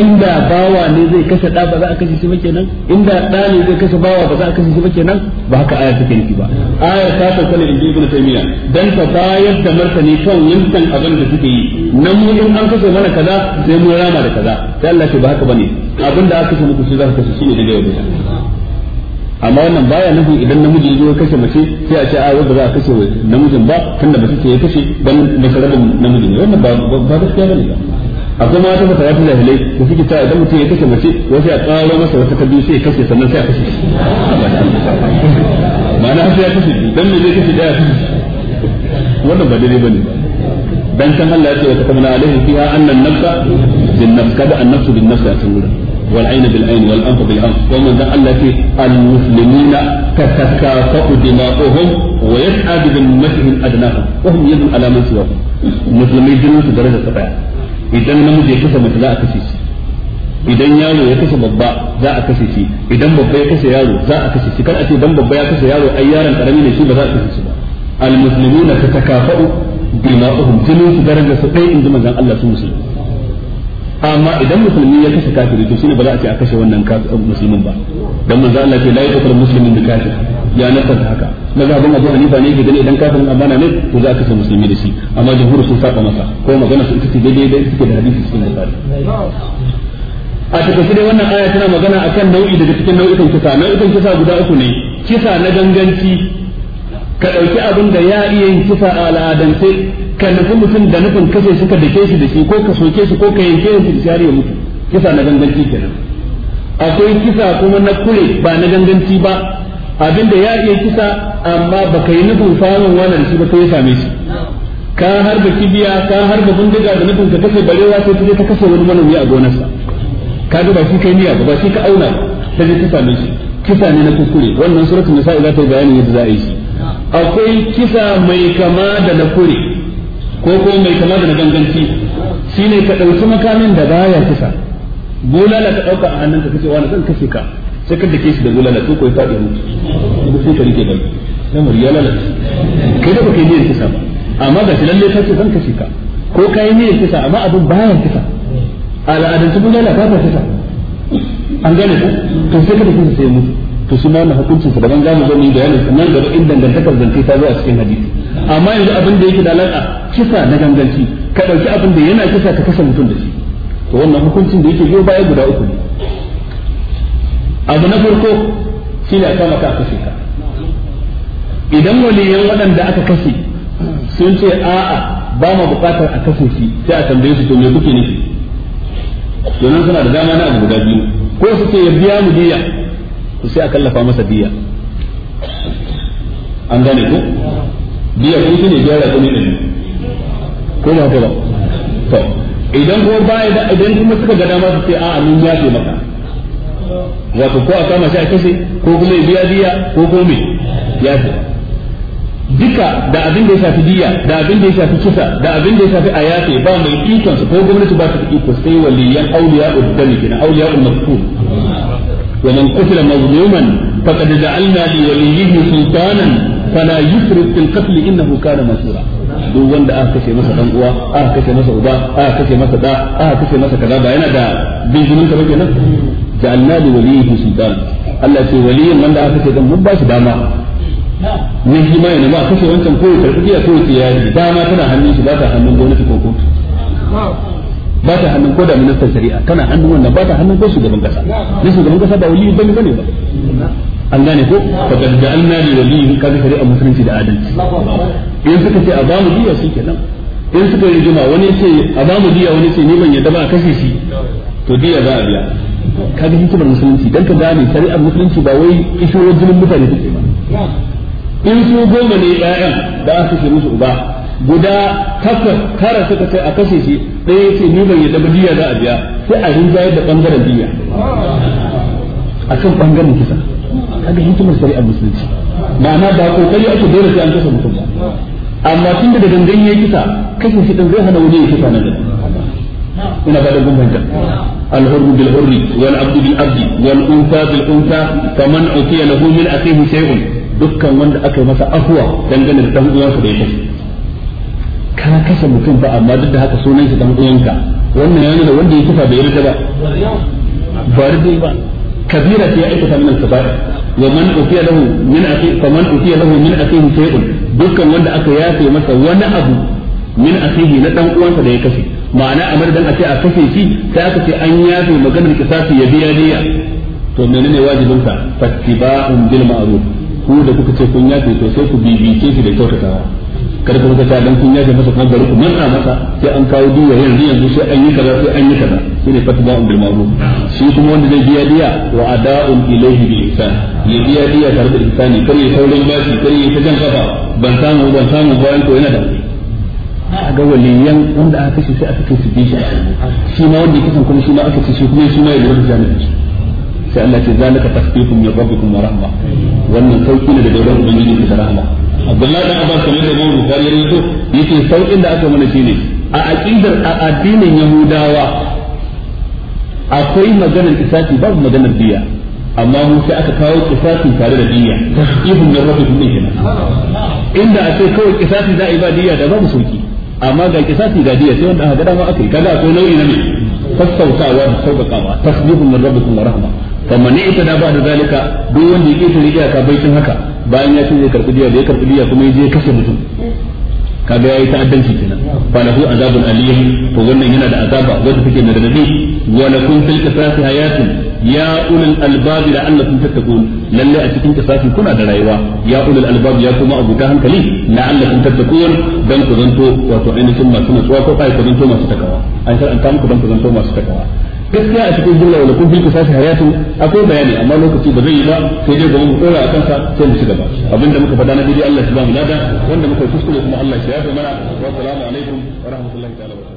inda bawa ne zai kashe da ba za a kashe shi ba kenan inda da ne zai kashe bawa ba za a kashe shi ba kenan ba haka aya take nufi ba aya ta ta ne inji ibnu taymiya dan ta bayar da martani kan yankan abin da suke yi nan mu in an kashe mana kaza sai mun rama da kaza sai Allah ce ba haka bane abin da aka kashe muku shi za ka kashe shi ne daga yau amma wannan baya nufin idan namiji ya zo ya kashe mace sai a ce a yau ba za a kashe namijin ba tunda ba suke ya kashe dan mace rabin namiji ne wannan ba gaskiya bane ba akwai ma masa ya fi jahilai da suke ta idan mutum ya kashe mace wasu ya tsaro masa wata ta sai ya kashe sannan sai ya kashe ma'ana sai ya kashe dan me zai kashe daya wannan ba daidai bane dan san Allah ya ce wa katamna alaihi fiha annan nafsa bin nafs kada an bin nafs a cikin wurin wal aina bil ain wal anfa bil anf wa man dan Allah al muslimina tatakafu dima'uhum wa yas'adu bin masjid adnahum wa hum yadun ala man siwahum musulmai jinin daraja ta daya idan namiji ya kasa mace za a kashe shi idan yaro ya kasa babba za a kashe shi idan babba ya kasa yaro za a kashe shi kar a ce idan babba ya kasa yaro ai yaron karami ne shi ba za a kashe shi ba al muslimuna tatakafa'u bima'uhum jinin su su dai in ji manzon Allah su musulmi amma idan musulmi ya kashe kafiri to shine ba za a ce a kashe wannan musulmin ba dan manzo Allah ce la yakfur muslimin bi kafir ya nafa haka mazhabin Abu Hanifa ne ke gani idan kafirin amana ne to za a kashe musulmi da shi amma jahur sun saba masa ko magana su ita ce daidai da suke da hadisi cikin Bukhari a cikin dai wannan aya tana magana akan nau'i daga cikin nau'ikan kisa nau'ikan kisa guda uku ne kisa na ganganci ka dauki abin da ya iya yin kisa a al'adance ka nufi mutum da nufin kashe shi ka dake shi da shi ko ka soke shi ko ka yanke shi da shari'a mutu kisa na ganganci kenan akwai kisa kuma na kure ba na ganganci ba abinda ya iya kisa amma ba ka yi nufin samun wannan shi ba ta yi same shi ka harba kibiya ka harba bindiga da nufin ka kashe barewa sai ta je ta kashe wani manomi a gonarsa ka ga ba shi kai niyya ba ba shi ka auna ta je ta same shi kisa ne na kuskure wannan suratul nisa za ta yi bayanin yadda za a yi shi akwai kisa mai kama da na kure ko ko mai kama da ganganci shine ka dauki makamin da baya kisa bulala ka dauka a hannunka kace wani zan kashe ka sai ka dake shi da bulala ko ko ya fadi mutu ko sai ka rike bai sai ya lalata kai da kake yin kisa ba amma ga shi lalle kace zan kashe ka ko kai ne yin kisa amma abin baya kisa su bulala ba ta kisa an gane ko to sai ka dake shi sai mu to shi ma na hukuncin sa da ban zo zan yi bayani sannan gaba inda dangantakar zance ta zo a cikin hadisi amma yanzu abin da yake da a kisa na ganganci ka dauki abin da yana kisa ka kashe mutum da shi to wannan hukuncin da yake biyo baya guda uku ne abu na farko shine a kama ka kashe ka idan waliyan waɗanda aka kashe sun ce a'a ba ma bukatar a kashe shi sai a tambaye su to me kuke nufi domin suna da dama na abu guda biyu ko su ce ya biya mu diya to sai a kallafa masa diya an gane ko biya ko shine biya da kuma ne ko ba ko ba to idan ko baya da idan kuma suka ga dama su ce a'a mun yafe maka wato ko a kama shi a kashe ko kuma ya biya biya ko ko me yafe duka da abin da ya shafi diya da abin da ya shafi kisa da abin da ya shafi ayati ba mai ikon su ko gwamnati ba ta iko sai waliyan auliya uddani kina auliya ulmaqtul wa man qutila mazluman faqad ja'alna li waliyhi sultanan فلا يفرط في القتل انه كان masura duk wanda aka kashe masa dan uwa aka kashe masa uba aka kashe masa da aka kashe masa kaza ba yana da bijinin ka bake nan ja'alna li waliyhi sultan Allah ce waliyin wanda aka kashe dan mun ba shi dama ne shi ma yana ma kashe wancan ko ya karbi ya ko ya yi dama tana hannun shi ba ta hannun gwamnati ko kotu ba ta hannun ko da ministan shari'a tana hannun wannan ba ta hannun ko shugaban kasa ne shugaban kasa ba waliyin bane bane ba an gane ko fa kad ja'alna li waliyyi kaga shari'a musulunci da adalci in suka ce a bamu diya shi kenan in suka yi rigima wani ce a bamu diya wani ce ni ban yadda ba a kashe shi to diya za a biya shi hikimar musulunci dan ka gane shari'ar musulunci ba wai isho jinin mutane take ba in su goma ne ƴaƴan da aka ce musu uba guda takwas kara suka ce a kashe shi ɗaya ce ni ban yadda ba diya za a biya sai a rinjayar da ɓangaren diya a kan ɓangaren kisa kaga hikimar shari'ar musulunci ma'ana ba kokari ake dole sai an kasa mutum ba amma tunda da gangan ya kisa kashe shi din zai hana wani ya kisa nan ina ba da gumbanta الحر بالحر والعبد بالعبد والأنثى بالأنثى فمن أعطي له من أخيه شيء dukkan wanda aka yi masa afuwa dangane da dan uwansa da ya kashe ka kashe mutum ba amma duk da haka sunan shi dan uwanka wannan yana da wanda ya kifa bai yarda ba ba dai ba كبيرة يعيشها من الكبائر ومن أوتي له من أخيه فمن أوتي له من أخيه شيء دكا وند أكياتي مثلا وأنا أبو min asihi na dan uwansa da ya kashe ma'ana a madadin a ce a kashe shi sai aka an yafe maganar kisasi ya biya diya to menene wajibin sa fattiba'un bil ma'ruf ku da kuka ce kun yafe to sai ku bibice shi da kyautatawa kada kuma ka dan kun yaje masa kan garuku man manna masa sai an kawo duwa yanzu yanzu sai an yi kaza sai an yi kaza shine fatba'un bil ma'ruf shi kuma wanda zai biya diya wa ada'un ilayhi bil ihsan ya biya diya tare da ihsani kar ya saurin shi kar ya ta jan kafa ban samu ban samu bayan ko yana da ga waliyan wanda aka kashe sai aka kashe shi shi ma wanda ya kuma shi ma aka kashe kuma shi ma ya lura da jami'i sai Allah ce zalika tasbihum min rabbikum wa rahma wannan sauki ne daga wurin ubangiji da rahma Abdullahi dan Abbas kamar da Imam Bukhari ya rawaito yake saukin da aka mana shine a aqidar a addinin Yahudawa akwai maganar kisasi babu maganar biya amma mu sai aka kawo kisasi tare da diya ihun na rabu ne inda a ce kawai kisasi za a yi ba diya da babu sauki amma ga kisasi ga diya sai wanda aka ga dama aka yi kaga akwai nau'i na me sassautawa da sauƙaƙawa tasbihun min rabbikum wa rahma fa ita da ba ba'da zalika duk wanda yake tare da ka baitin haka bayan ya ce zai karɓi diya da ya karɓi diya kuma ya je kashe mutum kaga yayi ta'addanci kenan fa lahu azabun aliyyin to wannan yana da azaba wanda take da radadi wa lakum fil qisasi hayatun ya ulul albab la'allakum tattaqun lalle a cikin qisasi kuna da rayuwa ya ulul albab ya kuma abuta hankali la'allakum tattaqun dan ku zanto wato ainihin masu tsawa ko kai ku zanto masu takawa an shar'anta muku dan ku zanto masu takawa gaskiya a cikin jumla wala kun fil qisas hayatun akwai bayani amma lokaci ba zai yi ba sai dai gobe mu dora a kansa sai mu ci gaba abinda muka faɗa na bidi Allah shi ba mu lada wanda muka kuskure kuma Allah shi ya mana wa assalamu alaikum wa rahmatullahi ta'ala